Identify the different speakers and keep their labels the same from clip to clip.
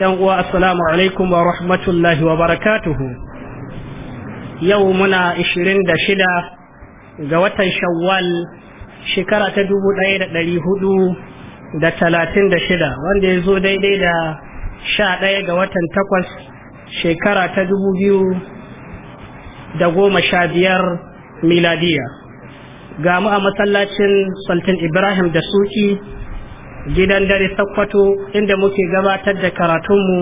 Speaker 1: yan uwa assalamu alaikum wa rahmatullahi wa barakatuhu yau muna 26 ga watan shawwal shekara ta 1436 wanda ya zo daidai da 11 ga watan takwas shekara ta 2015 miladiya ga mu a masallacin sultan ibrahim da suki gidan dare sakkwato inda muke gabatar da karatunmu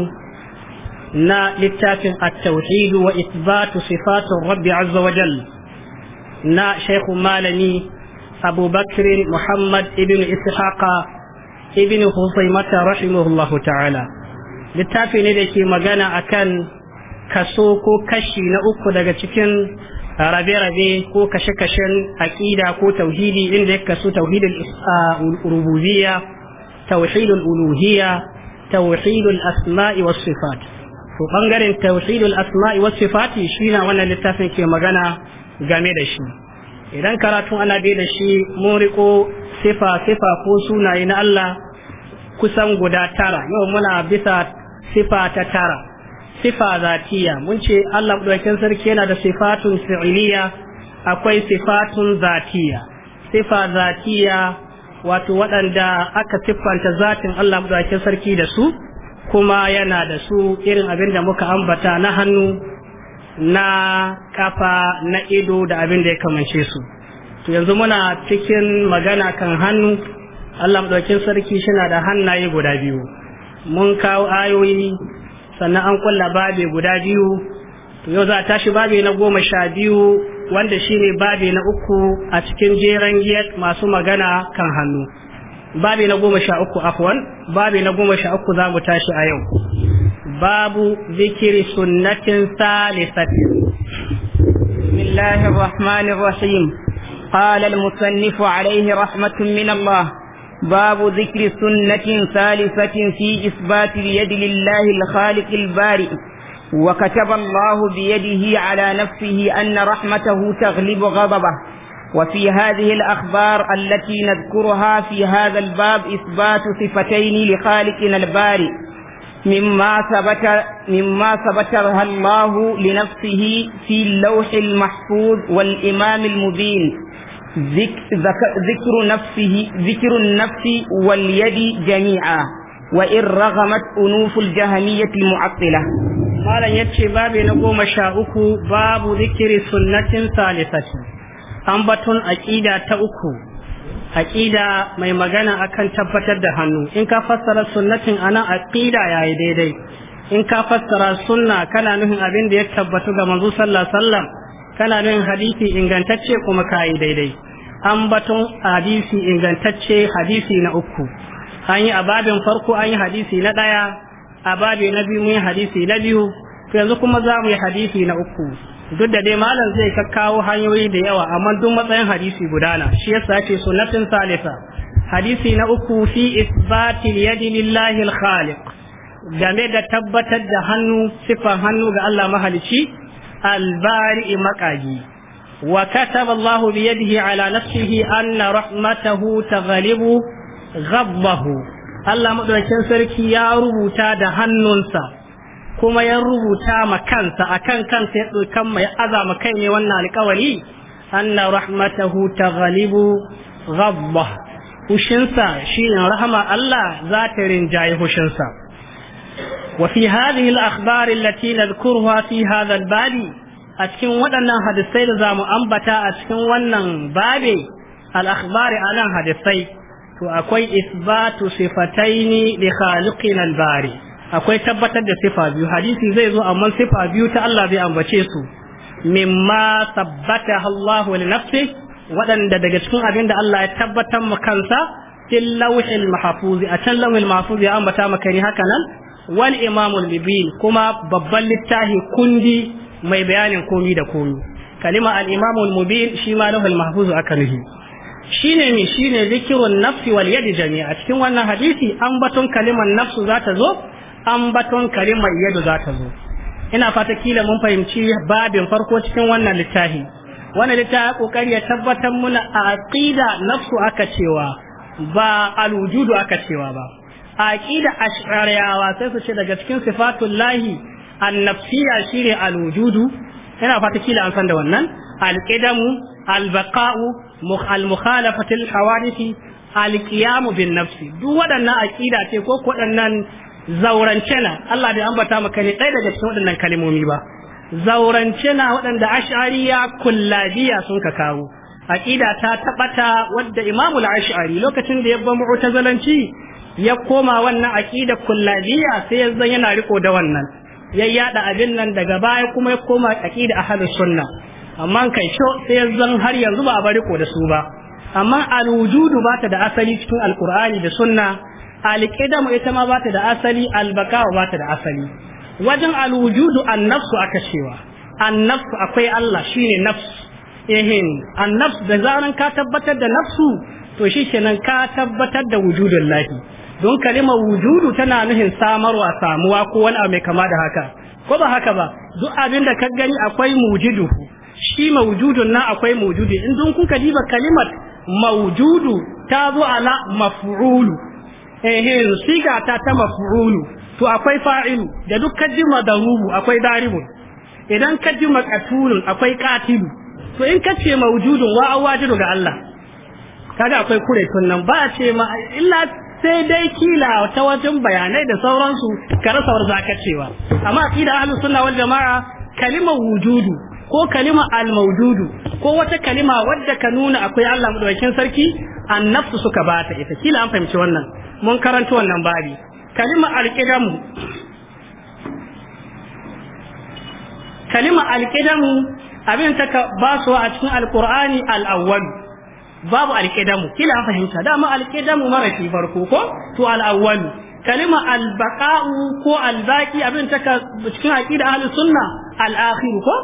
Speaker 1: na littafin at-tauhid wa isbatu sifatun rabbi azza wa jal na shaikhu malami abubakar muhammad ibn ishaqa ibn husaimata rahimahullahu ta'ala littafi ne da ke magana akan kaso ko kashi na uku daga cikin rabe-rabe ko kashe-kashen aƙida ko tauhidi inda ya kasu tauhidin ah, rububiyya tauhid al-uluhiyya tauhid asmai was sifat to bangaren tauhid asmai was sifat shi na wannan littafin ke magana game da shi idan karatu ana bai da shi mun riko sifa sifa ko sunaye na Allah kusan guda tara yau muna bisa sifa ta tara sifa zatiya mun ce Allah mudaukin sarki yana da sifatun fi'iliya akwai sifatun zatiya sifa zatiya wato waɗanda aka siffanta zatin Allah madaukakin sarki da su kuma yana da su irin abin da muka ambata na hannu na kafa na ido da abin da ya kamance su to yanzu muna cikin magana kan hannu allah ɗaukin sarki shina da hannaye guda biyu mun kawo ayoyi sannan an kulla babe guda biyu to yau za a tashi babi na goma sha biyu wanda shine babi na uku a cikin jeren giyar masu magana kan hannu babi na goma sha uku afwan babi na goma sha uku za mu tashi a yau babu zikiri sunnatin salisati
Speaker 2: bismillahir rahmanir rahim قال المصنف عليه رحمة babu الله باب ذكر سنة ثالثة في إثبات اليد لله الخالق البارئ وكتب الله بيده على نفسه أن رحمته تغلب غضبه وفي هذه الأخبار التي نذكرها في هذا الباب إثبات صفتين لخالقنا البارئ مما ثبت مما ثبتها الله لنفسه في اللوح المحفوظ والإمام المبين ذكر نفسه ذكر النفس واليد جميعا وإن رغمت أنوف الجهمية المعطلة
Speaker 1: malam yace babu na goma sha uku babu zikiri sunnatin salisati ambaton aqida ta uku aƙida mai magana akan tabbatar da hannu in ka fassara sunnatin anan aqida yayi daidai in ka fassara sunna kana nufin abin da ya tabbatu ga manzo sallallahu alaihi wasallam kana nufin hadisi ingantacce kuma kai daidai ambaton hadisi ingantacce hadisi na uku an yi a babin farko an yi hadisi na daya a babi na biyu mun yi hadisi na biyu yanzu kuma za mu yi hadisi na uku duk da dai malam zai kakkawo hanyoyi da yawa amma duk matsayin hadisi gudana shi yasa ce sunnatin salisa hadisi na uku fi isbatil yadi lillahi al game da tabbatar da hannu sifan hannu ga Allah mahalici albari makagi wa kataba Allah bi yadihi ala nafsihi anna rahmatahu taghlibu ghadbahu Allah madaukakin sarki ya rubuta da hannunsa kuma ya rubuta ma kansa akan kansa ya tsokan mai azama kai ne wannan alƙawari anna rahmatahu taghlibu ghadba hushinsa ne rahama Allah za ta rinjaye hushinsa وفي هذه الأخبار التي نذكرها في هذا الباب أتكن ودنا هذا السيد زام أنبتا أتكن ونن بابي الأخبار على هذا to akwai isbatu sifataini li khaliqina al-bari akwai tabbatar da sifa biyu hadisi zai zo amma sifa biyu ta Allah zai ambace su mimma sabbata Allah li nafsi waɗanda daga cikin abin da Allah ya tabbatar mu kansa fil lawhil mahfuzi a can lawhil mahfuzi ya ambata maka ni haka nan wal imamul mubin kuma babban littafin kundi mai bayanin komi da komi kalima al imamul mubin shi ma lawhil mahfuzu aka nuhi shine me shine zikirun nafsi wal yadi jami'a cikin wannan hadisi an baton kalimar nafsu za ta zo an baton kalimar yadu za ta zo ina fata kila mun fahimci babin farko cikin wannan littafi wannan littafi kokari ya tabbatar muna a aqida nafsu aka cewa ba alwujudu aka cewa ba aqida ash'ariyawa sai su ce daga cikin sifatul lahi annafsiya shine alwujudu ina fata kila an san da wannan alqidamu albaqa'u al-mukhalafatil hawadisi al-qiyam bin nafsi duk waɗannan aqida ce ko wadannan zaurance na Allah bai ambata maka ne ɗaya daga cikin waɗannan kalmomi ba zaurance na waɗanda ash'ariya kullajiya sun ka kawo aqida ta tabata imamu imamul ash'ari lokacin da ya ba mu'tazalanci ya koma wannan aqida kullajiya sai yanzu yana riko da wannan ya yada abin nan daga baya kuma ya koma aqida ahlus sunna amma kai sho sai zan har yanzu ba a bari ko da su ba amma alwujudu ba ta da asali cikin alqur'ani da sunna alqidam ita ma ba ta da asali albaka ba ta da asali wajen alwujudu annafsu aka cewa annafsu akwai Allah shine nafs ehin annafsu da zaran ka tabbatar da nafsu to shi kenan ka tabbatar da wujudun lahi don kalimar wujudu tana nuhin samarwa samuwa ko wani abu mai kama da haka ko ba haka ba duk abin da ka gani akwai mujidu shi mawujudu na akwai mawujudu. in dun kuka diba kalimar mawujudu ta zo ala maf'ulu eh siga ta ta maf'ulu to akwai fa'ilu da duk da ruhu akwai daribun idan kaddima katulun akwai katilu to in ce mawujudu wa awajidu ga Allah kaga akwai kure nan ba a ce ma illa sai dai kila ta wajen bayanai da sauransu ka rasa warza cewa amma kida ahlus sunna wal jamaa kalimar wujudu ko kalima al-mawjudu ko wata kalima wadda ka nuna akwai Allah mudaukakin sarki annafsu suka bata ita kila an fahimci wannan mun karanta wannan babi kalima al qidam kalima al-qidamu abin ta ka ba su a cikin al-qur'ani al-awwal babu al-qidamu kila an fahimta dama al-qidamu marafi farko ko to al-awwal kalima al-baqa'u ko al-baqi abin ta ka cikin aqida al sunna al-akhir ko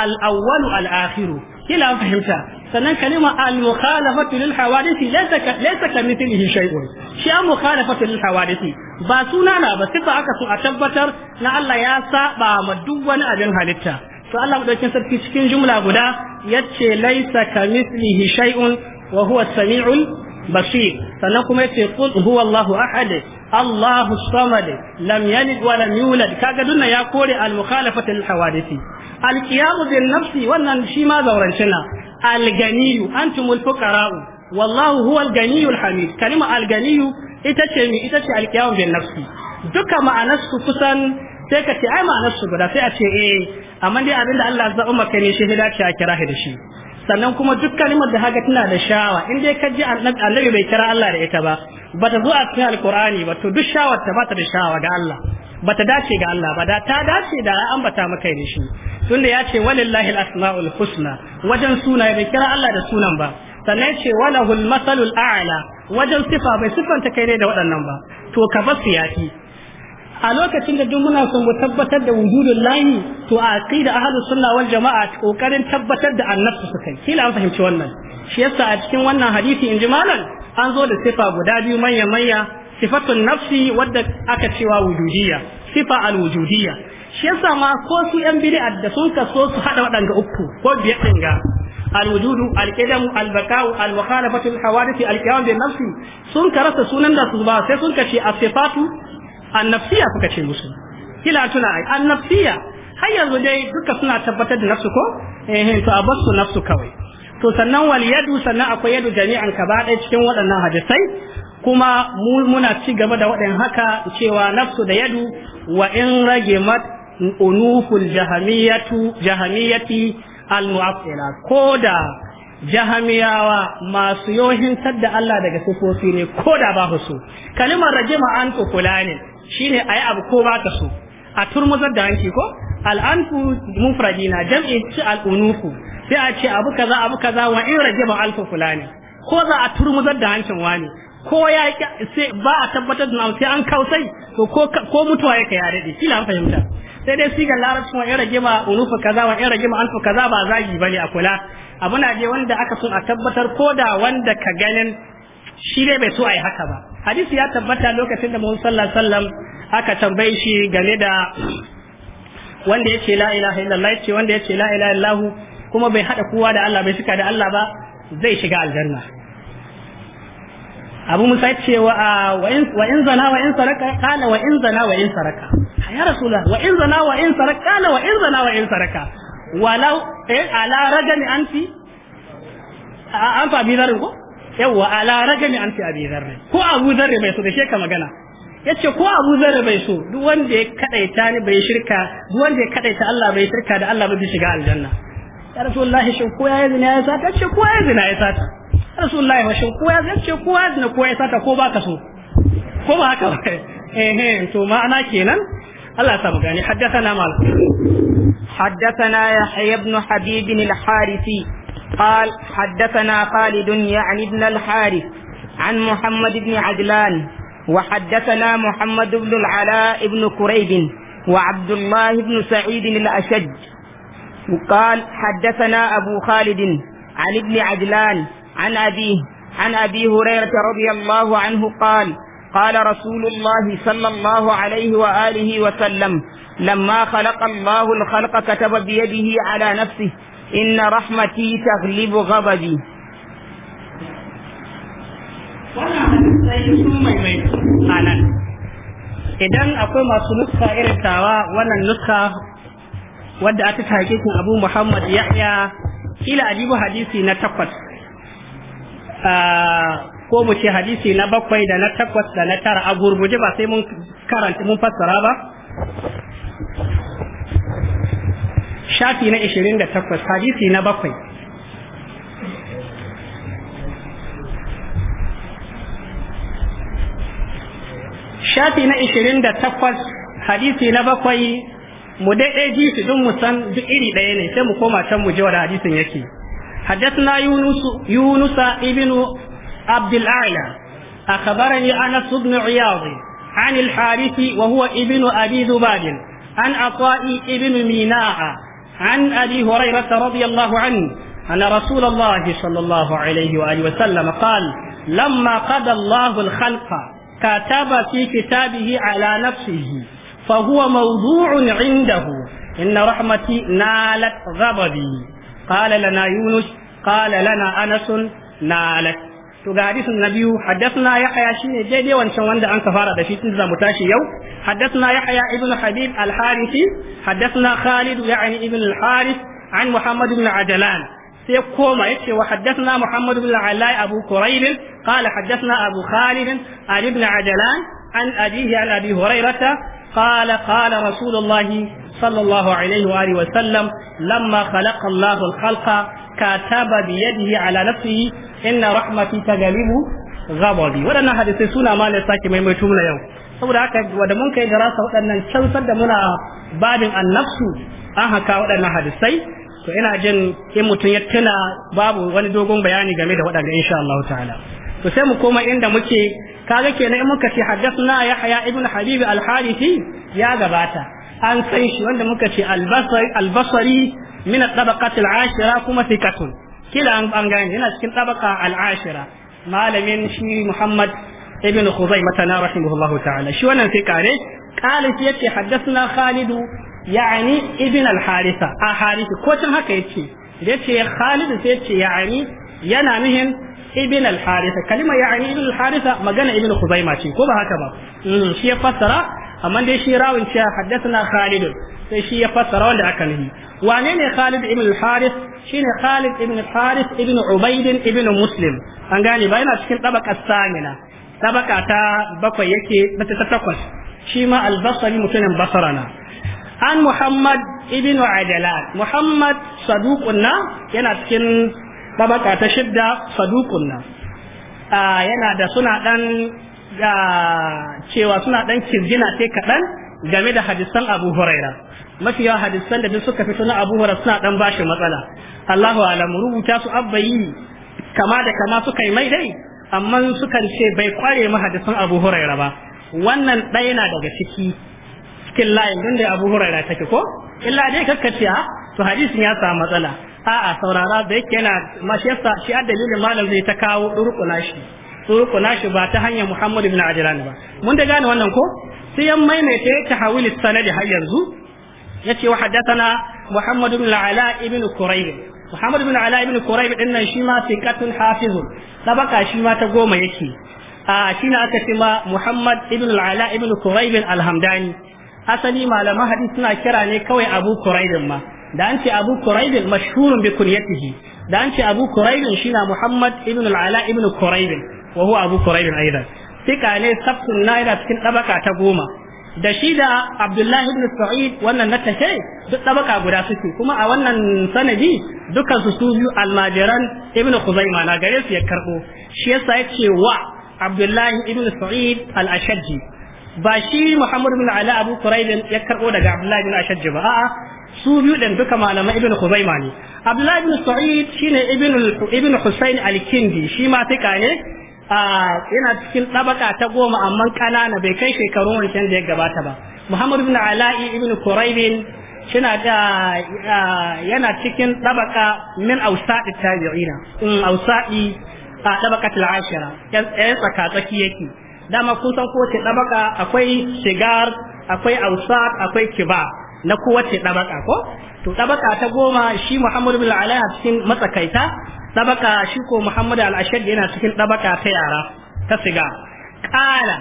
Speaker 1: al-awwalu al-akhiru kila an fahimta sannan kalima al-mukhalafatu lil hawadithi laysa laysa kamithlihi shay'un shi an mukhalafatu lil hawadisi ba suna na ba sifa aka so a tabbatar na Allah ya saba ma duk wani abin halitta to Allah madaukin sarki cikin jumla guda yace laysa kamithlihi shay'un wa huwa as-sami'ul bashir sannan kuma yace qul huwallahu ahad Allahu samad lam yalid wa lam yulad kaga dunna ya kore al mukhalafatu lil al qiyam bin nafsi wannan shi ma zaurancina al ganiyu antumul fuqara wallahu huwal ganiyu al hamid kalima al ganiyu ita ce ita ce al qiyam bin nafsi duka ma'anarsu kusan sai ka ce ai ma'anarsu guda sai a ce eh amma dai abinda Allah ya makani maka ne shi hida ce a kira da shi sannan kuma duk kalimar da haka tana da shawa in dai ka ji annabi bai kira Allah da ita ba bata zo a cikin alkur'ani ba to duk shawar ta ba ta da shawa ga Allah bata dace ga Allah ba da ta dace da an bata maka ne shi tunda ya ce walillahi al-asmaul husna wajen suna bai kira Allah da sunan ba sannan ce walahul masalul a'la wajen sifa bai sifanta kai ne da waɗannan ba to ka basu yaki a lokacin da duk muna son mu tabbatar da wujudun lahi to a aqida ahlus sunna wal jama'a kokarin tabbatar da annabtu su kai. kila an fahimci wannan shi yasa a cikin wannan hadisi in ji malam an zo da sifa guda biyu manya manya sifatun nafsi wadda aka cewa wujudiyya sifa al wujudiyya shi yasa ma ko su yan bid'a da sun kaso su hada wadanga uku ko biyar din ga الوجود القدم البكاء المخالفة الحوادث القيام بالنفس سنك sunan سنن دا سبا سنك شيء الصفات annafsiya suka ce musu kila tuna ai annafsiya har yanzu dai duka suna tabbatar da nafsu ko eh to a nafsu kawai to sannan wal yadu sannan akwai yadu jami'an ba dai cikin waɗannan hadisai kuma muna ci gaba da waɗin haka cewa nafsu da yadu wa in rage mat unuful jahamiyatu jahamiyati al mu'afila ko da jahamiyawa masu yohin da Allah daga sufofi ne ko da ba su kalimar rajima an tukula ne shine ayi abu ko ba ta so a turmuzar da hanki ko al'anfu mufradi na jam'i ci al'unufu sai a ce abu kaza abu kaza wa in rajaba alfu fulani ko za a turmuzar da hankin wani ko ya sai ba a tabbatar da sai an kausai to ko mutuwa mutuwa yake ya dade kila an fahimta sai dai sigar larabcin wa in rajaba unufu kaza wa in rajaba alfu kaza ba zagi bane a kula abu na je wanda aka so a tabbatar ko da wanda ka ganin shi dai bai so a yi haka ba hadisi ya tabbata lokacin da mun sallallahu wasallam aka tambaye shi game da wanda ya ce la ilaha illallah ce wanda ya ce la ilaha illallah kuma bai hada kowa da Allah bai shika da Allah ba zai shiga aljanna Abu Musa ya ce wa wa in zana wa in saraka kana wa in zana wa in saraka ya rasula wa in zana wa in saraka kana wa in zana wa in saraka walau eh ala rajani anti an fa bi ko yawa ala ragami an fi abi zarri ko abu zarri bai so da sheka magana yace ko abu zarri bai so duk wanda ya kadaita ni bai shirka duk wanda ya kadaita Allah bai shirka da Allah bai shiga aljanna ya rasulullahi shin ko ya zina ya sata ce ko ya zina ya sata ya rasulullahi wa shin ko ya zina ce ko ya zina ko ya sata ko baka so ko ba haka eh eh to ma'ana kenan
Speaker 2: Allah ya samu gani haddathana mal haddathana yahya ibn habib al-harisi قال حدثنا خالد يعني ابن الحارث عن محمد بن عدلان وحدثنا محمد بن العلاء بن كريب وعبد الله بن سعيد الأشج قال حدثنا أبو خالد عن ابن عدلان عن أبيه عن أبي هريرة رضي الله عنه قال قال رسول الله صلى الله عليه وآله وسلم لما خلق الله الخلق كتب بيده على نفسه inna rahmati تغلب غضبي idan akwai
Speaker 1: masu nuska irin tawa wannan nuska wadda aka take kun Abu Muhammad Yahya kila ajibu hadisi na takwas ko mu ce hadisi na bakwai da na takwas da na tara a gurguje ba sai mun karanta mun fassara ba shafi na 28 hadisi na bakwai shafi na 28 hadisi na bakwai mu daidai ji su dun san duk iri daya ne sai mu koma can mu ji wa hadisin yake حدثنا يونس يونس ابن عبد الأعلى أخبرني أنس بن عياض عن الحارث وهو ابن أبي ذباب عن عطاء ابن ميناء عن أبي هريرة رضي الله عنه أن رسول الله صلى الله عليه وآله وسلم قال لما قضى الله الخلق كتب في كتابه على نفسه فهو موضوع عنده إن رحمتي نالت غضبي قال لنا يونس قال لنا أنس نالت to ga hadisin na biyu haddathna yahya shine daidai wancan wanda an fara da shi tun zamu tashi yau haddathna yahya ibn habib al-harithi haddathna khalid ya'ni ibn al-harith an muhammad ibn ajlan sai koma yace wa haddathna muhammad ibn alai abu quraib qala haddathna abu khalid an ibn ajlan an abihi an abi hurairah قال قال sallallahu الله wa الله wa وآله lamma لما خلق الله الخلق كتب بيده على نفسه inna rahmati tagalibu ghadabi wadannan hadisai suna ma ne sake maimaito muna yau saboda haka wanda mun kai garasa waɗannan can da muna babin annafsu an haka waɗannan hadisai to ina jin in mutum ya tuna babu wani dogon bayani game da waɗanda insha Allah ta'ala to sai mu koma inda muke kaga kenan in muka ce haddathna yahya ibn habib al-harithi ya gabata an san shi wanda muka ce al-basri al-basri min al-tabaqat al-ashira kuma thiqatun kila an gane yana cikin tabaka al'ashira malamin shi Muhammad ibn Khuzaimah na rahimahullahu ta'ala shi wannan sai kare qala yake yace haddathna Khalid yani ibn al-Haritha a Harith ko tun haka yace yace Khalid sai yace yani yana nuhin ibn al-Haritha kalima yani ibn al-Haritha magana ibn Khuzaimah ce ko ba haka ba mm, shi ya fassara amma dai shi rawin cewa haddathna Khalid sai shi ya fassara wanda aka nahi wane ne Khalid ibn al-Harith shine Khalid ibn al-Harith ibn Ubayd ibn Muslim an gane ba yana cikin tabaka samina tabaka ta bakwai yake ta takwas shi ma al-Basri mutumin basrana. an Muhammad ibn Adalan Muhammad saduqunna yana cikin tabaka ta shidda saduqunna yana da suna dan cewa suna ɗan kirgina sai kaɗan game da hadisan Abu Huraira Mafi yawa hadisan da duk suka fito na Abu Hurairah suna dan bashi matsala Allahu alam rubuta su abbayi kama da kama suka yi mai dai amma sukan ce bai kware mu hadisan Abu Hurairah ba wannan ɗaya na daga ciki cikin layin din da Abu Hurairah take ko illa dai kakkace ha ah, to hadisin ya samu matsala a'a saurara da yake yana yasa shi dalilin malam zai ta kawo durƙula shi turkuna shi ba ta hanyar Muhammadu bin Ajlan ba mun da gane wannan ko sai ya maimaita ta hawili sanadi har yanzu yace wa haddathana Muhammad ibn Ala ibn Qurayb Muhammad ibn Ala ibn Qurayb din nan shi ma thiqatun hafizun sabaka shi ma ta goma yake a shine aka ce ma Muhammad ibn Ala ibn Qurayb al-Hamdani asali malaman hadisi suna kira ne kawai Abu Qurayb ma da an ce Abu Qurayb mashhurun bi kunyatihi da an ce Abu Qurayb shine Muhammad ibn Ala ibn Qurayb wa huwa Abu Qurayb aidan sika ne sabtun naira cikin dabaka ta goma da shi da abdullahi ibn sa'id wannan na tashe duk tabaka guda suke kuma a wannan sanadi dukkan su su biyu almajiran ibn khuzaima na gare su ya karbo shi yasa yace wa abdullahi ibn sa'id al-ashajji ba shi muhammad ibn ala abu ya karbo daga abdullahi ibn ashajji ba a'a su biyu din duka malamai ibn khuzaima ne abdullahi ibn sa'id shine ibn ibn husayn al-kindi shi ma tika ne yana cikin ɗabaka ta goma amma ƙanana bai kai shekaru wancan da ya gabata ba muhammad ibn ala'i ibn kuraibin shina da yana cikin ɗabaka min ausadi tabi'ina in ausa'i a ɗabaka ashira yan tsaka tsaki yake dama kun san kowace ɗabaka akwai shigar akwai ausa akwai kiba na kowace ɗabaka ko to ɗabaka ta goma shi muhammad ibn ala'i cikin matsakaita dabaka shi ko Muhammad al-Ashad yana cikin dabaka ta yara ta siga qala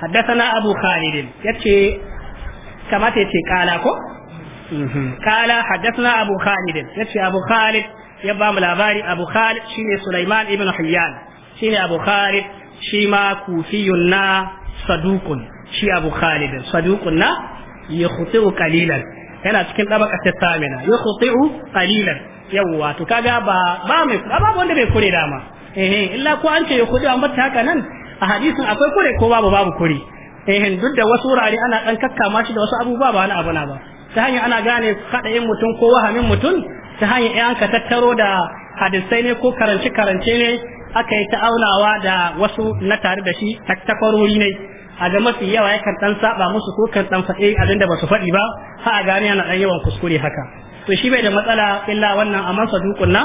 Speaker 1: haddathana Abu Khalid yace kamata yace qala ko qala mhm. haddathana Abu Khalid yace Abu Khalid ya ba mu labari Abu Khalid shine Sulaiman ibn Hayyan shine Abu Khalid shi ma kufiyun na sadukun shi Abu Khalid sadukun na yakhti'u qalilan yana cikin dabaka ta samina yakhti'u qalilan yawwa to kaga ba ba mai babu wanda bai kure dama eh illa ko an ce ya kudi an bata haka nan a hadisin akwai kure ko babu babu kure eh duk da wasu wurare ana dan kakkama shi da wasu abubuwa ba wani abu na ba ta hanyar ana gane kaɗayin mutum ko wahamin mutum ta hanyar yan ka tattaro da hadisai ne ko karance karance ne aka yi ta'aunawa da wasu na tare da shi takwarori ne a ga mafi yawa yakan dan saba musu ko kan dan faɗi abinda ba su faɗi ba ha a gane yana ɗan yawan kuskure haka to shi bai da matsala illa wannan amma masa dukunna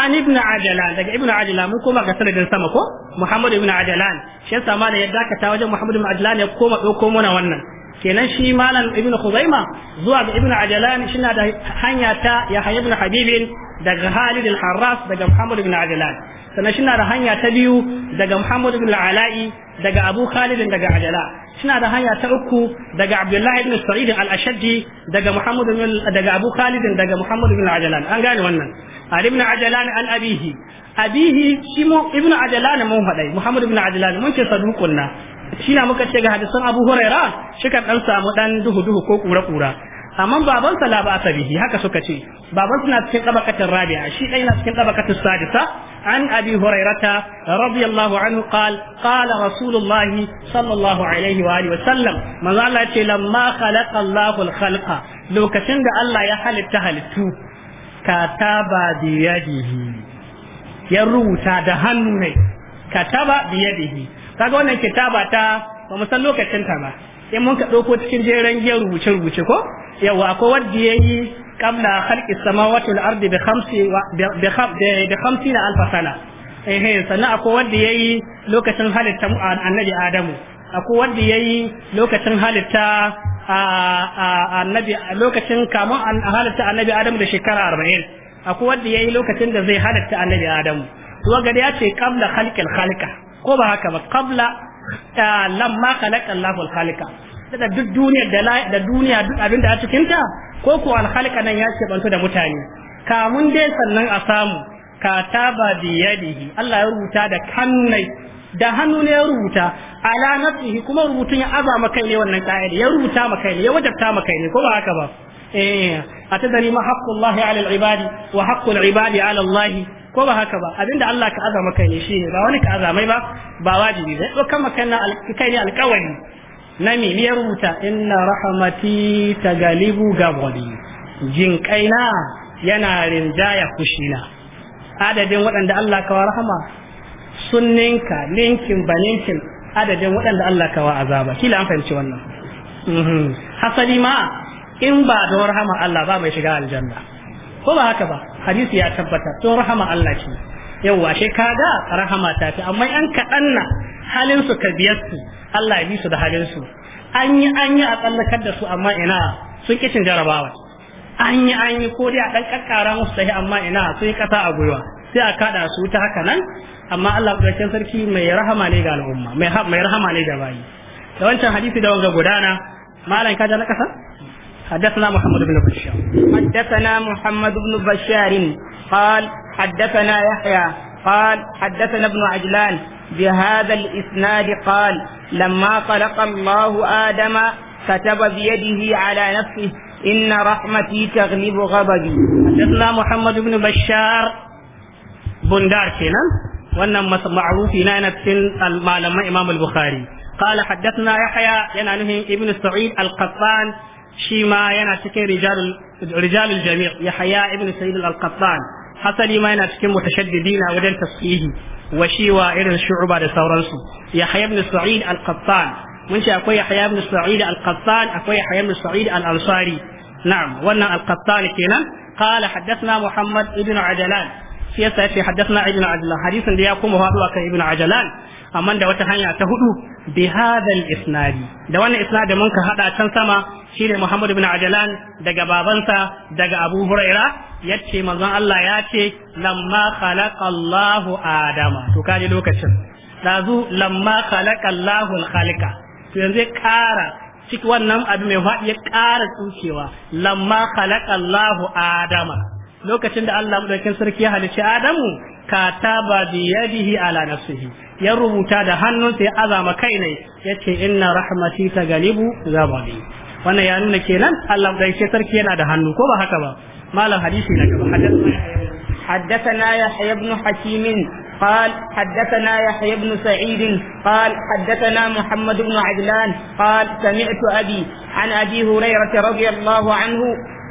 Speaker 1: an ibn ajalan daga ibn ajalan mun koma ga sanadin sama ko muhammad ibn ajalan shi yasa ma da ya dakata wajen muhammad ibn ajalan ya koma dauko mana wannan kenan shi malam ibn khuzaima zuwa ga ibn ajalan shi na da hanya ta ya hayy ibn habibin daga halid al-harras daga muhammad ibn ajalan sannan shi na da hanya ta biyu daga muhammad ibn al-ala'i daga abu khalid daga ajala suna da hanya ta uku daga Abdullahi ibn Sa'id al-Ashaddi daga Muhammad ibn daga Abu Khalid daga Muhammad ibn Ajalan an gane wannan Ali ibn Ajalan an abihi abihi shi mu ibn Ajalan mun faɗai Muhammad ibn Ajalan mun ce sadukunna shi na muka ce ga hadisan Abu hurairah shi kan dan samu dan duhu duhu ko kura kura amma babansa la ba bihi haka suka ce babansa na cikin tabakatin rabi'a shi dai na cikin tabakatin sadisa an abi hurairata radiyallahu anhu qal qala rasulullah sallallahu alaihi wa alihi wa sallam manzo Allah ce lamma khalaqa Allahu al-khalqa lokacin da Allah ya halitta halittu kataba bi yadihi ya rubuta da hannu ne kataba bi yadihi kaga wannan kitaba ta ba mu san lokacin ta ba in mun ka ɗauko cikin jeren giyar rubuce-rubuce ko yawa akwai wadda ya yi kamla halki samawati al'ardi bi hamsi na alfasana ehe sannan akwai wadda ya yi lokacin halitta annabi adamu akwai wadda ya yi lokacin halitta annabi lokacin kamun halitta annabi adamu da shekara arba'in akwai wadda ya yi lokacin da zai halitta annabi adamu to ga ya ce kamla halkin halka ko ba haka ba kamla lamma khalaqa Allahu khaliqa da duk duniya da duniya duk abin da a cikin ta ko ko al-khaliqa nan ya ce bantu da mutane kamun dai sannan a samu kataba bi yadihi Allah ya rubuta da kannai da hannu ne ya rubuta ala nafsihi kuma rubutun ya azama kai ne wannan ka'ida ya rubuta ma kai ne ya wajabta ma kai ne ko ba haka ba eh atadari ma haqqullah ala al-ibadi wa haqqul ibadi ala Allah ko ba haka ba abinda Allah ka azama kai ne shine ba wani ka azamai ba ba wajibi ba to kama kai ne alƙawari na mi ne rubuta inna rahmati tagalibu gabali jin kaina yana rinjaya kushina adadin waɗanda Allah ka wa rahama sun ninka ninkin ba ninkin adadin waɗanda Allah ka wa azaba kila an fahimci wannan mhm. hasali ma in ba don rahama Allah ba mai shiga aljanna ko ba haka ba hadisi ya tabbata to rahama Allah ce yawa she kaga rahama ta ce amma an kaɗan na halin su kabiyarsu Allah ya bisu da halin su an yi an yi a tsallakar da su amma ina sun kishin jarabawa an yi an yi ko dai a ɗan kakkara musu sahi amma ina sun yi ƙasa a gwiwa sai a kaɗa su ta haka nan amma Allah ɗaukakin sarki mai rahama ne ga al'umma mai rahama ne ga bayi da wancan hadisi da wanga gudana
Speaker 2: malam da na kasa
Speaker 1: حدثنا محمد بن بشار
Speaker 2: حدثنا محمد بن بشار قال حدثنا يحيى قال حدثنا ابن عجلان بهذا الإسناد قال لما خلق الله آدم كتب بيده على نفسه إن رحمتي تغلب غضبي حدثنا محمد بن بشار بندار كنا وانا معروف
Speaker 1: هنا نفس المعلمة إمام البخاري قال حدثنا يحيى ينعنه ابن سعيد القطان shi ma yana cikin rijalul jami' yahya ibn sa'id al-qattan hasali ma yana cikin mutashaddidina wajen tasfihi wa shi wa irin shu'ba da sauransu yahya ibn sa'id al-qattan mun ce akwai yahya ibn sa'id al-qattan akwai yahya ibn sa'id al-ansari na'am wannan al-qattan kenan qala haddathna muhammad ibn ajalan shi yasa yace haddathna ibn ajalan hadisin da ya kuma haɗuwa kan ibn ajalan amma da wata hanya ta hudu bi hadal isnadi da wannan isnadi mun ka hada can sama shine Muhammad ibn Ajlan daga babansa daga Abu Huraira yace manzon Allah ya ce lamma khalaqa Allahu Adama to kaje lokacin dazu lamma khalaqa Allahu al-khaliqa to yanzu kara ciki wannan abu mai faɗi ya ƙara tsukewa lamma khalaqa Allahu Adama lokacin da Allah madaukakin sarki ya halicci Adamu kataba bi yadihi ala nafsihi ya rubuta da hannunsa ya azama kai ne yace inna rahmati tagalibu ghadabi wannan ya nuna kenan Allah madaukakin sarki yana da hannu ko ba haka ba malam hadisi na
Speaker 2: gaba حدثنا يحيى بن حكيم قال حدثنا يحيى بن سعيد قال حدثنا محمد بن عدلان قال سمعت أبي عن أبي هريرة رضي الله عنه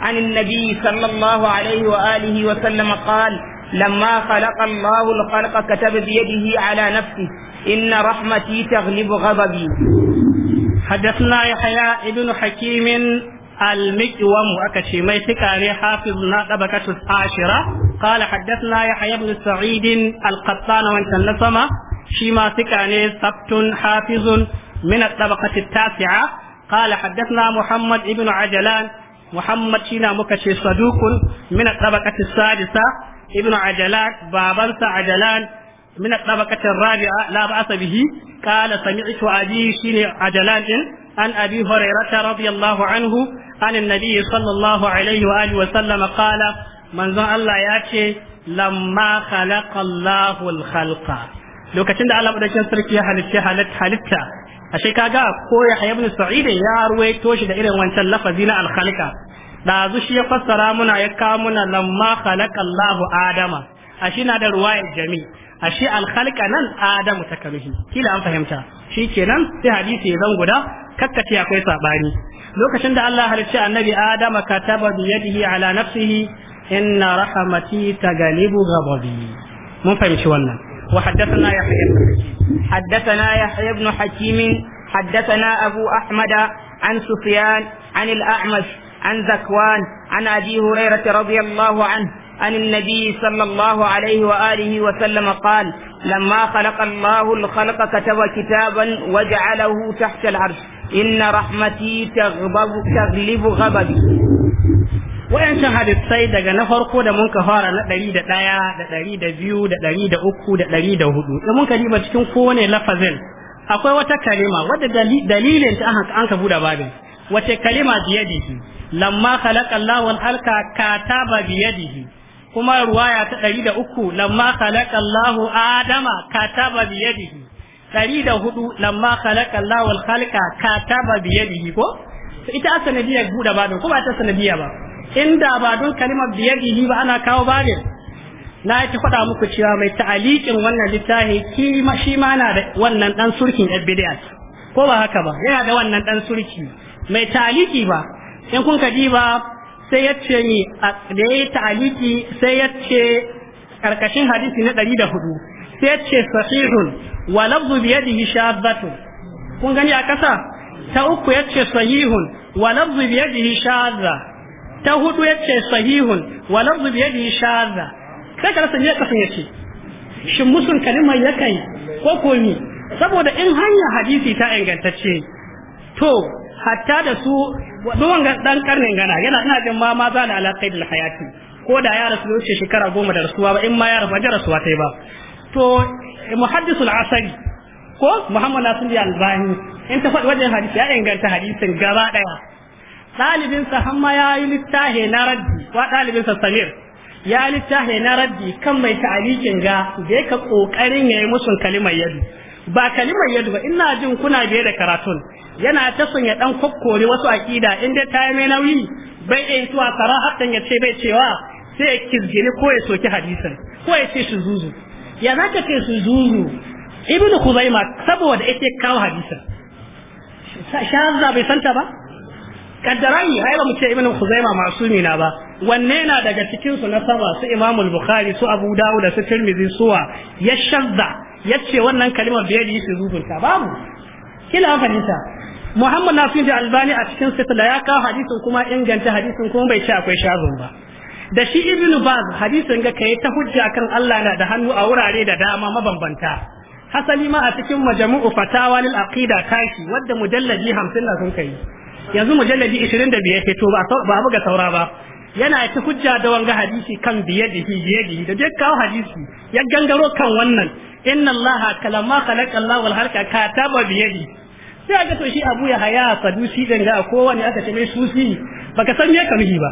Speaker 2: عن النبي صلى الله عليه وآله وسلم قال لما خلق الله الخلق كتب بيده على نفسه إن رحمتي تغلب غضبي حدثنا يحيى
Speaker 1: ابن حكيم المكوم أكشي يتكاري حافظنا طبقة العاشرة قال حدثنا يحيى بن سعيد القطان وانت نسمة شيما تكاري سبت حافظ من الطبقة التاسعة قال حدثنا محمد ابن عجلان muhammad shina muka ce sadukun min tabaqati sadisa ibnu ajalan babansa ajalan min tabaqati rabi'a la ba'sa bihi qala sami'tu abi shine ajalan din an abi hurairah radiyallahu anhu an annabi sallallahu alaihi wa alihi wa sallam qala manzon Allah ya ce lamma khalaqa Allahu al-khalqa lokacin da Allah madaukakin sarki ya halitta ashe kaga ko ya hayyabin sa'id ya ruwaito shi da irin wancan lafazi na al-khaliqa dazu shi ya fassara muna ya kawo muna lamma khalaqa Allahu Adama ashe na da ruwayar jami ashe al-khaliqa nan Adamu ta takaruhi kila an fahimta shikenan sai hadisi ya zan guda kakkace akwai sabani lokacin da Allah halicci annabi Adama kataba bi yadihi ala nafsihi inna rahmati tagalibu ghadabi mun fahimci wannan
Speaker 2: وحدثنا يحيى بن حكيم حدثنا يحيى بن حكيم حدثنا أبو أحمد عن سفيان عن الأعمش عن ذكوان عن أبي هريرة رضي الله عنه عن النبي صلى الله عليه وآله وسلم قال لما خلق الله الخلق كتب كتابا وجعله تحت العرش إن رحمتي تغضب تغلب غضبي wayancin hadisai daga na farko
Speaker 1: da mun ka fara na ɗari da ɗaya da ɗari da biyu da ɗari da uku da ɗari da hudu da mun ka diba cikin kowane lafazin akwai wata kalima wadda dalilin ta an ka buɗe babin wace kalima biyadihi lamma khalaqa Allah wal alka kataba biyadihi kuma ruwaya ta ɗari da uku lamma khalaqa Allah adama kataba biyadihi ɗari da hudu lamma khalaqa Allah wal khalqa kataba biyadihi ko ita sanadiyar buɗe babin ko ba ta sanadiyar ba inda ba don kalimar biyadihi ba ana kawo babin na ta faɗa muku cewa mai ta'alikin wannan littafi kima shi ma na da wannan dan surkin bid'a ko ba haka ba yana da wannan dan surki mai ta'aliki ba in kun kaji ba sai ya ce ni da yi ta'aliki sai ya ce karkashin hadisi na ɗari da hudu sai ya ce sahihun wa lafzu bi sha shabbatun kun gani a ƙasa ta uku ya ce sahihun wa lafzu bi yadihi shadza ta hudu yace sahihun wa lafzu bi yadihi shadha sai ka rasa ne kasan yace shin musun kalimar ya ko ko ni saboda in hanya hadisi ta ingantacce to hatta da su duwan dan karnin gana yana ina jin ma ma za da alaƙai da hayati ko da ya rasu wuce shekara goma da rasuwa ba in ma ya rasu wajen rasuwa ta ba to muhaddisul asari ko muhammad nasir al-albani in ta faɗi wajen hadisi ya inganta hadisin gaba ɗaya ɗalibinsa hamma ya yi littahe na raddi wa ɗalibinsa samir ya yi na raddi kan mai ta'alikin ga da yake ƙoƙarin ya yi musun kalimar yadu ba kalimar yadu ba ina jin kuna biye da karatun yana ta son ya ɗan kokkore wasu aƙida in dai ta yi mai nauyi bai iya zuwa tsara hakan ya ce bai cewa sai ya kirgini ko ya soki hadisin ko ya ce shi zuzu ya za ka ce shi zuzu ibnu kuzaima saboda yake kawo hadisin shahazza bai santa ba kaddarani ai ba mu ce ibn khuzaima masumi na ba wanne na daga cikin su na sama su imam al-bukhari su abu dawud da su tirmidhi suwa ya shazza yace wannan kalimar bai yi su zubunta babu kila fahimta muhammad nasir albani a cikin sifila ya kawo hadisin kuma inganta hadisin kuma bai ce akwai shazun ba da shi ibn baz hadisin ga kai ta hujja kan Allah na da hannu a wurare da dama mabambanta hasali ma a cikin majmu'u fatawa lil aqida kashi wadda mujallaji 50 na sun kai yanzu mujalladi 25 fito ba ba buga saura ba yana ta hujja da wanga hadisi kan biyadihi biyadihi da dai kawo hadisi ya gangaro kan wannan inna allaha kalama khalaqa allah wal harka kataba biyadi sai ga to shi abu ya haya sadusi dan ga kowanne aka ce mai susi baka san me kamhi ba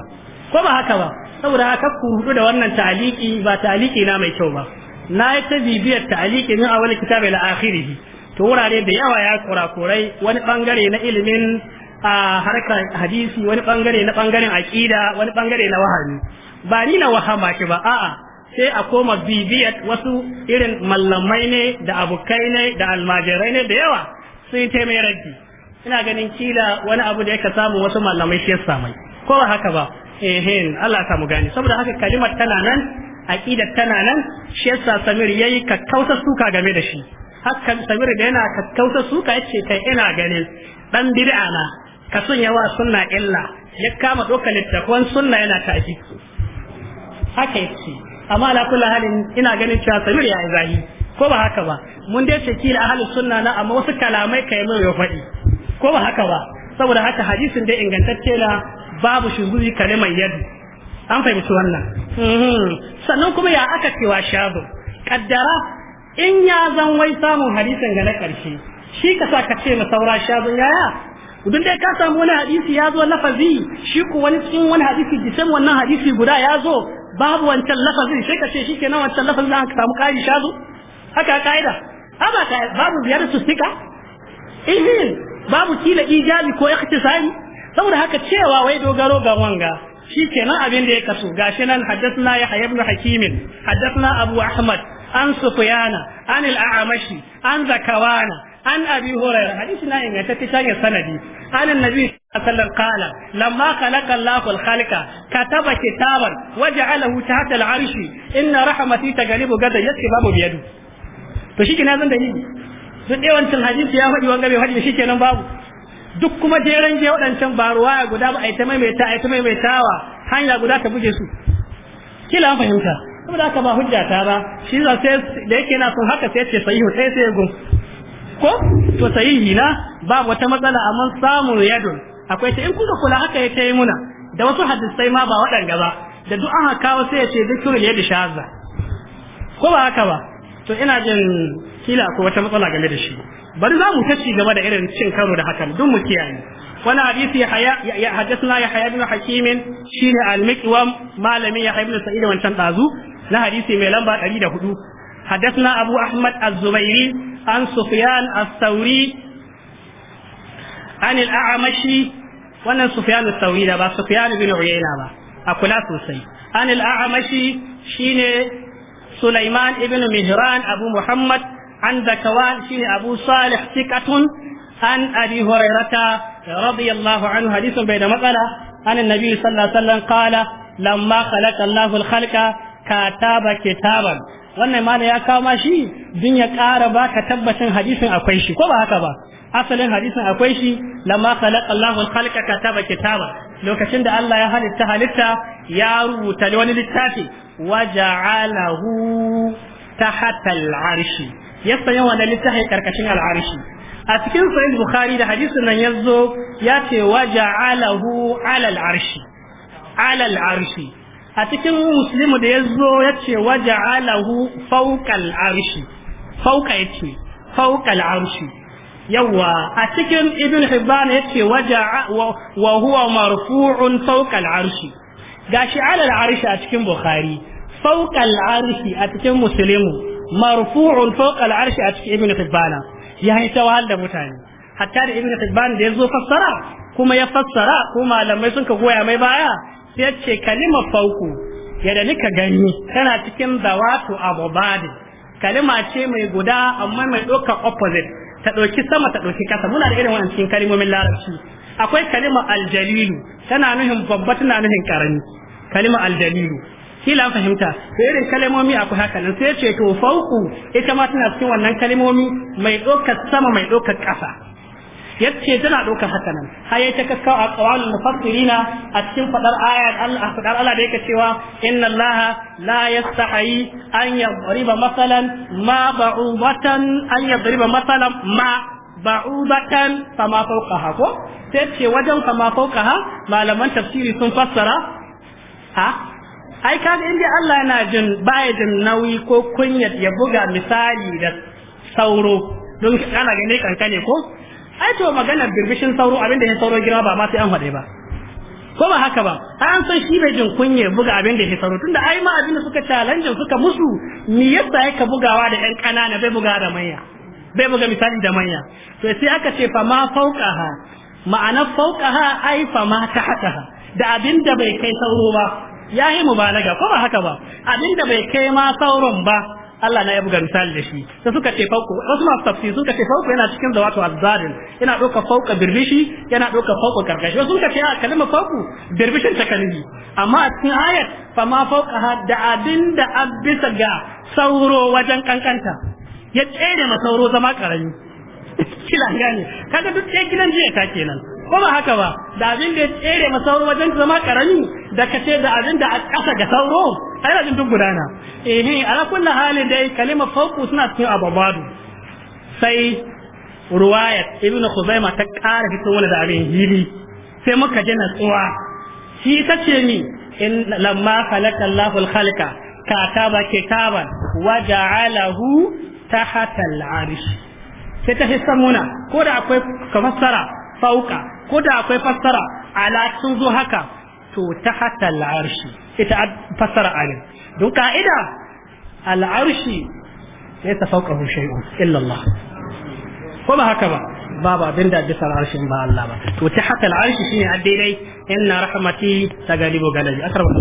Speaker 1: ko ba haka ba saboda haka ku huɗu da wannan taliki ba taliki na mai kyau ba na yi ta bibiyar taliki a wani kitabil akhirih to wurare da yawa ya kurakurai wani bangare na ilimin a harkar hadisi wani bangare na bangaren aqida wani bangare na wahami ba ni na wahama ki ba a'a sai a koma bibiyat wasu irin mallamai ne da abokai ne da almajirai ne da yawa sun ta mai raddi ina ganin kila wani abu da yaka samu wasu mallamai shi samai ko ba haka ba eh Allah ta mu gani saboda haka kalimar tana nan aqida tana nan shi yasa Samir yayi kakkausa suka game da shi hakan Samir da yana kakkausa suka yace kai ina ganin dan bid'a na ka sunya yawa sunna illa ya kama doka littafin sunna yana tashi haka yake amma ala kula halin ina ganin cewa sabir ya yi zahi ko ba haka ba mun dai ce kila ahli sunna na amma wasu kalamai kai mai ya faɗi ko ba haka ba saboda haka hadisin dai ingantacce na babu shuguri kalimar yadu an fahimci wannan mhm. sannan kuma ya aka cewa shabu kaddara in ya zan wai samun hadisin ga na ƙarshe shi ka sa ka ce ma saura shazun yaya duk dai ka samu wani hadisi ya zo lafazi shi ko wani cikin wani hadisi jisan wannan hadisi guda ya zo babu wancan lafazi. sai ka ce shi ke nan wancan lafazin an samu kari sha zo haka ka'ida amma ka babu biyar su sika ihin babu kila ijabi ko ikhtisari saboda haka cewa wai dogaro ga wanga shi ke nan abin da ya kasu gashi nan haddathna ya hayy ibn hakim haddathna abu ahmad an Sufiyana, an al-a'mashi an zakawana an abi hurairah hadisi na ingantacce ta hanyar sanadi an annabi sallallahu qala lamma khalaqa Allahu al-khaliqa kataba kitaban waja'alahu tahta al-arshi inna rahmati tagalibu gadan yake babu biyadu to shi kina zan dalili duk dai wancan hadisi ya faɗi wanga shi kenan babu duk kuma jeran je waɗancan ba ruwaya guda ba a yi ta yi ta maimaitawa hanya guda ta buge su kila an fahimta saboda haka ba hujja ta ba shi za sai da yake na son haka sai ce sahihu sai sai ya gunsu ko to sahihi na babu wata matsala amma samun yadun akwai ta in kuka kula haka ya yi muna da wasu hadisai ma ba wadan ba da duk an kawo sai ya ce zikirul yadi shaza ko ba haka ba to ina jin kila akwai wata matsala game da shi bari za mu tashi gaba da irin cin karo da hakan duk mu kiyaye wani hadisi ya hadisna ya haya bin hakim shine al-miqwam malamin ya ibn sa'id wancan dazu na hadisi mai lamba 104 حدثنا abu ahmad الزبيري an sufyan as-sauri an al-a'mashi wannan sufyan as-sauri da ba sufyan bin uyayna ba a kula sosai an al-a'mashi shine Sulaiman ibn Mihran Abu Muhammad an Zakawan shine Abu Salih Sikatun an Abi Hurairata radiyallahu anhu hadisin bai da matsala an annabi sallallahu alaihi wasallam qala lamma khalaqa Allahu al-khalqa kataba kitaban wannan ma ya kawo ma shi din ya ƙara baka tabbacin hadisin akwai shi ko ba haka ba asalin hadisin akwai shi lamma khalaqa Allahu al-khalqa kataba kitaba lokacin da Allah ya halitta halitta ya rubuta wani littafi wa ja'alahu tahta al-arshi ya sanya wani littafi karkashin al-arshi a cikin sahih bukhari da hadisin nan yazo ya ce wa ja'alahu ala al-arshi ala al-arshi a cikin muslimu da ya zo ya ce waje alahu faukal arshi fauka ya ce faukal arshi yawa a cikin ibn hibban ya ce waje wa huwa marfu'un faukal arshi gashi alal arshi a cikin bukhari faukal arshi a cikin muslimu marfu'un faukal arshi a cikin ibn hibban ya yi tawahal da mutane hatta da ibn hibban da ya zo fassara kuma ya fassara kuma malamai sun ka goya mai baya sai ce kalima fauku yadda nika gani tana cikin zawatu abubadin kalima ce mai guda amma mai ɗaukar opposite ta ɗauki sama ta ɗauki kasa muna da irin wannan cikin kalimomin larabci akwai kalima aljalilu tana nuhin babba tana nuhin karami kalima aljalilu kila an fahimta to irin kalimomi akwai haka nan sai ce to fauku ita ma tana cikin wannan kalimomi mai ɗaukar sama mai ɗaukar kasa yace tana ɗaukar haka nan har yayi ta kakkawa a mufassirina a cikin fadar ayat Allah fadar Allah da yake cewa inna Allah la yastahi an yadriba masalan ma ba'ubatan an yadriba masalan ma ba'udatan fama fawqaha ko sai ce wajen fama fawqaha malaman tafsiri sun fassara ha ai kaga inda Allah yana jin baya jin nauyi ko kunyar ya buga misali da sauro don kana gane kankane ko ai to magana birbishin sauro abinda ya sauro girma ba ma sai an faɗe ba ko ba haka ba an san shi bai jin kunya buga abin da ya sauro tunda ai ma abin da suka challenge suka musu ni yasa yake bugawa da ɗan kanana bai buga da manya bai buga misali da manya to sai aka ce fa ma fauqaha ma'ana fauqaha ai fa ma tahtaha da abin da bai kai sauro ba yayi mubalaga ko ba haka ba abin da bai kai ma sauron ba Allah na ya buga misali da shi sai suka ce fauku wasu masu tafsir suka ce fauku yana cikin zawatu azzadin yana ɗauka fauka birbishi yana ɗauka fauka karkashi wasu suka ce a ah, kalma fauku birbishin ta kalmi amma a cikin ayat fa ma fauka da abin da abisa ga sauro wajen kankanta ya tsere ma sauro zama karami kila gane kaga duk ɗaya gidan jiya ta kenan ko ba haka ba da abin da ya tsere ma sauro wajen zama karami da ka da abin da a ƙasa ga sauro ai da duk gudana eh ala kullu hali dai kalima fauku suna cikin ababadu sai ruwayat ibn khuzaima ta ƙara fito wani da abin hili sai muka ji natsuwa shi ta ni in lamma khalaqa Allahu al-khalqa kataba kitaban wa ja'alahu tahta al-arsh sai ta muna ko da akwai ka fassara fauka ko da akwai fassara ala sun zo haka to ta hata al'arshi ita fassara alin don ka'ida al'arshi laysa fawqahu shay'un illa Allah ko ba haka ba babu abin da bisa al'arshin ba Allah ba to ta hata al'arshi
Speaker 2: shine addinai inna rahmati tagalibu galaji akrabu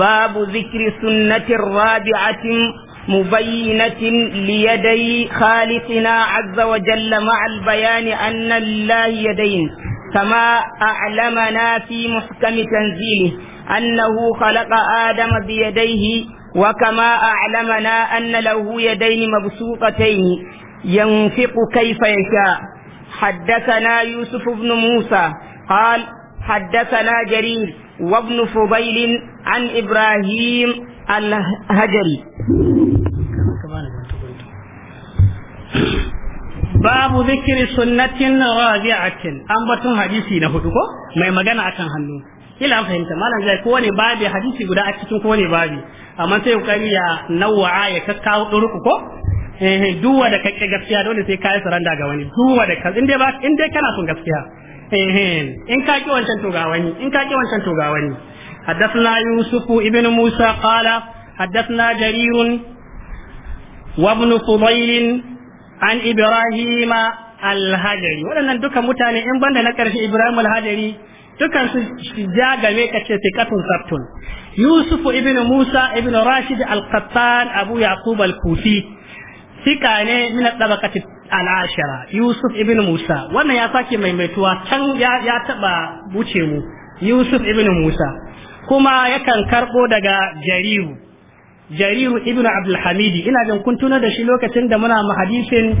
Speaker 2: babu zikri sunnatin rabi'atin مبينة ليدي خالقنا عز وجل مع البيان أن لله يدين كما أعلمنا في محكم تنزيله أنه خلق آدم بيديه وكما أعلمنا أن له يدين مبسوطتين ينفق كيف يشاء حدثنا يوسف بن موسى قال حدثنا جرير وابن فضيل عن إبراهيم الهجري babu zikiri sunnatin rabi'atin an
Speaker 1: batun hadisi na hudu ko mai magana akan hannu ila an fahimta malam zai ne babi hadisi guda a cikin ne babi amma sai kokari ya nawa'a ya kakkawo duruku ko eh duwa da kake gaskiya dole sai kai saranda ga wani duwa da kai inde ba in dai kana son gaskiya eh in ka ki wancan to ga wani in ka ki wancan to ga wani hadathna yusufu ibnu musa qala حدثنا جرير وابن فضيل عن إبراهيم الهجري ولن ندك متاني إن بند نكرش Ibrahim الهجري dukan su ja game ka ce sikatun sabtun yusufu ibn musa ibn rashid al-qattan abu yaqub al-kufi sika ne min tabaqati al-ashara yusuf ibn musa wannan ya sake maimaituwa can ya, ya taba buce mu yusuf ibn musa kuma yakan karbo daga jariru jariru ibnu abdul hamidi ina jin kun tuna da shi lokacin da muna ma hadisin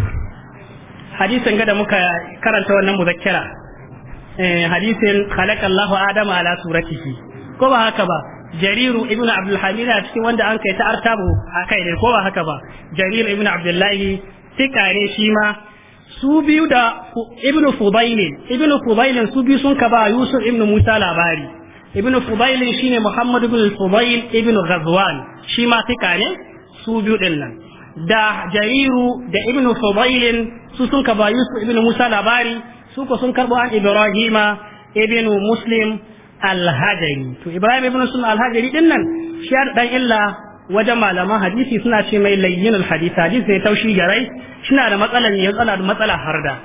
Speaker 1: hadisin ga da muka karanta wannan muzakkara eh hadisin khalaqa Allahu adama ala suratihi ko ba haka ba jariru ibnu abdul hamidi a cikin wanda an kai ta artabu kai ne ko ba haka ba jariru ibnu abdullahi tikare shi ma su biyu da ibnu fudailin ibnu fudailin su biyu sun ka ba yusuf ibnu musa labari ibn fudail shine muhammad ibn fudail ibn ghazwan shi ma fika ne su biyu din nan da jariru da ibn fudail su sun ka bayu su ibn musa labari su ko sun karbo an ibrahima ibn muslim al-hajari to ibrahim ibn muslim al-hajari din nan shi dan illa wajen malaman hadisi suna ce mai layyin al-hadisi hadisi ne taushi garai suna da matsalar ne matsala da matsala harda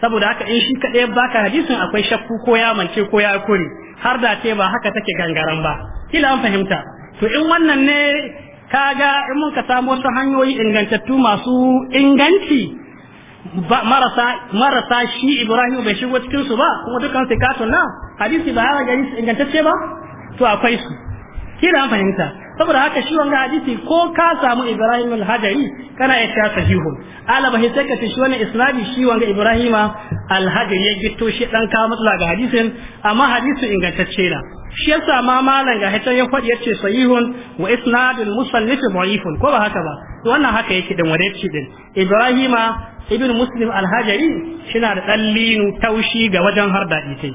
Speaker 1: saboda haka in shi kaɗai baka hadisin akwai shakku ko ya mance ko ya kure har da ce ba haka take gangaran ba kila an fahimta to in wannan ne kaga in mun ka samu wasu hanyoyi ingantattu masu inganci marasa marasa shi Ibrahim bai shigo cikin su ba kuma dukkan sai katon na hadisi ba ya gani ingantacce ba to akwai su kila an fahimta saboda haka shi wanga hadisi ko ka samu Ibrahim al-Hajari kana ya ta sahihu ala ba sai ka shi wannan isnadi shi wanga Ibrahima al-Hajari ya gito shi dan ka matsala ga hadisin amma hadisi ingantacce na shi yasa ma malan ga hitan ya fadi yace sahihun wa isnadul musannif da'ifun ko ba haka ba to wannan haka yake da wadacci din ibrahima ibn Muslim al-Hajari shi na da dallinu taushi ga wajen har
Speaker 2: dadi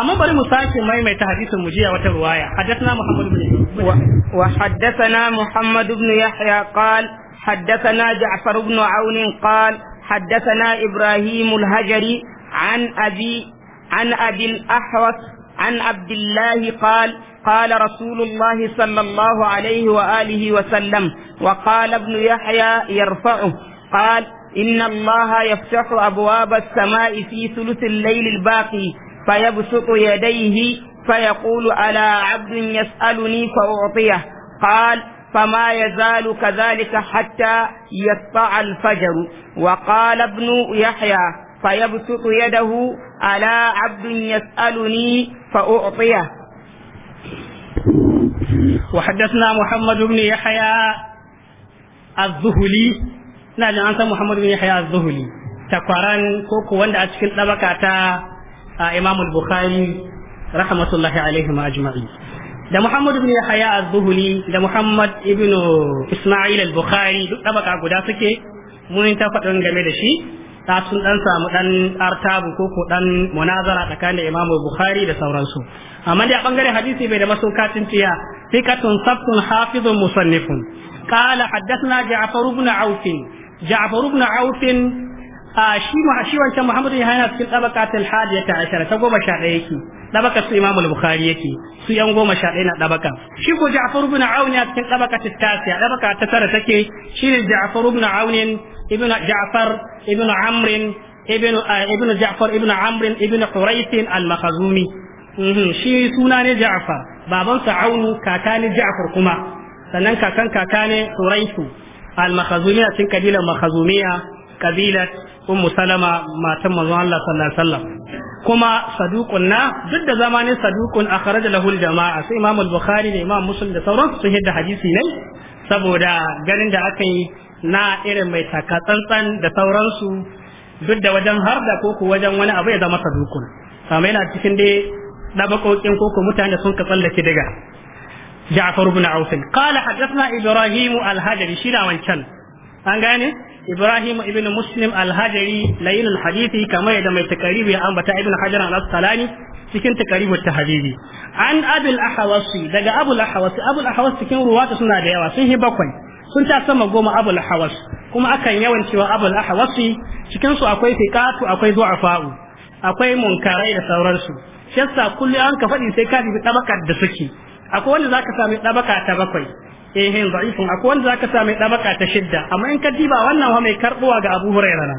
Speaker 2: أما بري مساك ما يميت حديث مجيء وترواية حدثنا محمد بن وحدثنا محمد بن يحيى قال حدثنا جعفر بن عون قال حدثنا إبراهيم الهجري عن أبي عن أبي الأحوص عن عبد الله قال قال رسول الله صلى الله عليه وآله وسلم وقال ابن يحيى يرفعه قال إن الله يفتح أبواب السماء في ثلث الليل الباقي فيبسط يديه فيقول ألا عبد يسألني فأعطيه قال فما يزال كذلك حتى يطلع الفجر وقال ابن يحيى فيبسط يده ألا عبد يسألني فأعطيه وحدثنا محمد بن يحيى الذهلي نعم
Speaker 1: أنت محمد بن يحيى الذهلي تقارن كوكو وند أشكل طبقة a Imamul al-Bukhari rahmatullahi alaihim ajma'in da Muhammad ibn Yahya az-Zuhli da Muhammad ibn Isma'il al-Bukhari duk tabaka guda suke mun ta faɗin game da shi ta sun dan samu dan artabu ko ko dan munazara tsakanin Imam Bukhari da sauransu amma da bangare hadisi bai da masaukatin tiya thiqatun sabtun hafizun musannifun qala haddathna Ja'far ibn Auf Ja'far ibn Auf a shi ma shi wancan Muhammadu ya hana cikin tabaqatul hadiyata ashara ta goma sha ɗaya yake tabaqat su Imam al-Bukhari yake su yan goma sha ɗaya na tabaqa shi ko Ja'far ibn Aun ya cikin tabaqat tasiya tabaqa ta tara take shi ne Ja'far ibn Aun ibn Ja'far ibn Amr ibn ibn Ja'far ibn Amr ibn Quraysh al-Makhzumi mhm, shi suna ne Ja'far babansa Aunu kaka ne Ja'far kuma sannan kakan kaka ne Quraysh al-Makhzumi cikin kabilar Makhzumiya kabilar ummu salama matan manzon Allah sallallahu alaihi wasallam kuma saduqun na duk da zamanin saduqun akhraja lahu al-jama'a sai imam al-bukhari da imam muslim da sauran su hidda hadisi ne saboda ganin da aka yi na irin mai taka tsantsan da sauransu duk da wajen har da koko wajen wani abu ya zama saduqun amma yana cikin dai dabakokin koko mutane sun ka tsallake daga جعفر بن عوف قال حدثنا إبراهيم الهجري شنا an gane. Ibrahim ibn Muslim al Lainul layin kamar da mai takaribi ya ambata ibn Hajar al-Asqalani cikin takaribu ta habibi an abul ahawasi daga abul ahawasi abul ahawasi cikin ruwata suna da yawa sun yi bakwai sun ta sama goma abul ahawas kuma akan yawan cewa abul ahawasi cikin su akwai fiqatu akwai du'afa'u akwai munkarai da sauransu shi yasa kullu an ka faɗi sai ka bi tabakar da suke akwai wanda zaka sami tabaka ta bakwai eh da'ifun akwai wanda zaka sa mai dabaka ta shidda amma in ka diba wannan wa mai karbuwa ga Abu Hurairah na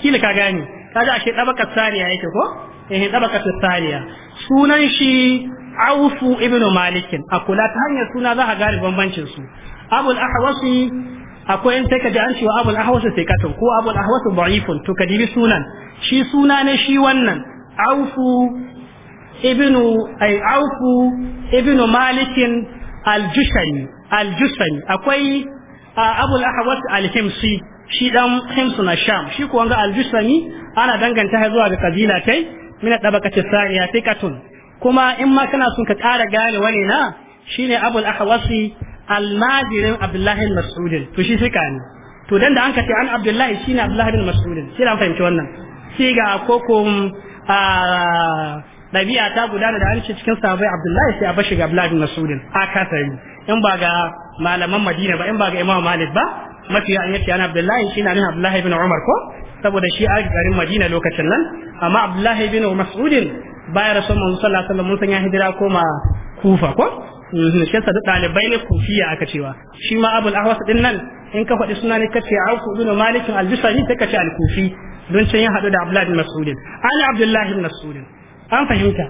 Speaker 1: kila ka gane kaga ashe dabaka saniya yake ko eh dabaka saniya sunan shi awfu ibn Malik akula ta hanyar suna za ka gane bambancin su al-Ahwas akwai in sai ka ji an Abu al-Ahwas sai ka ko al-Ahwas da'ifun to ka dibi sunan shi suna ne shi wannan awfu ibn ay awfu ibn Malik aljushani aljushani akwai abul ahwas alhimsi shi dan himsu na sham shi kuwa ga aljushani ana danganta zuwa ga kabila tai mina dabakati sa'iya tikatun kuma in ma kana son ka kara gane wani na shine abul ahwasi Almadirin abdullahi mas'ud to shi fika ne to dan da an ce an abdullahi shine abdullahi bin mas'ud sai an fahimci wannan sai ga kokon ɗabi'a ta gudana da harshe cikin sahabai abdullahi sai a bashi ga abdullahi masudin kasari in ba ga malaman madina ba in ba ga imam malik ba mafi an yace ana abdullahi shi na abdullahi ibn umar ko saboda shi a garin madina lokacin nan amma abdullahi ibn masudin bayan rasul mun sallallahu alaihi wasallam mun san ya hijira koma kufa ko mhm, shi sa da dalibai ne kufiya aka cewa shi ma abul ahwas din nan in ka faɗi suna ne kace auku ibn malik al-bisani sai kace al-kufi don can ya haɗu da abdullahi ibn masudin ana abdullahi ibn masudin an fahimta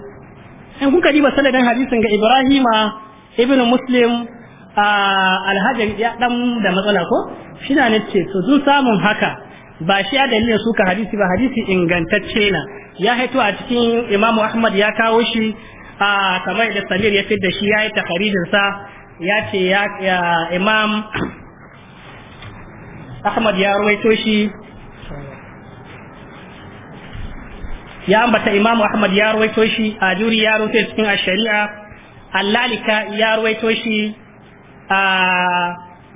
Speaker 1: in kuka diba sanadin hadisin ga ibrahima ibn muslim alhajar ya dan da matsala ko shi na nace to sun samun haka ba shi ya dalilin suka hadisi ba hadisi ingantacce na ya haito a cikin imamu ahmad ya kawo shi a kamar da samir ya da shi ya yi takaridin sa ya ce ya imam ahmad ya ruwaito shi ya ambata Imam Ahmad ya ruwaito shi a juri ya ruwaito cikin a sharia allalika ya ruwaito shi a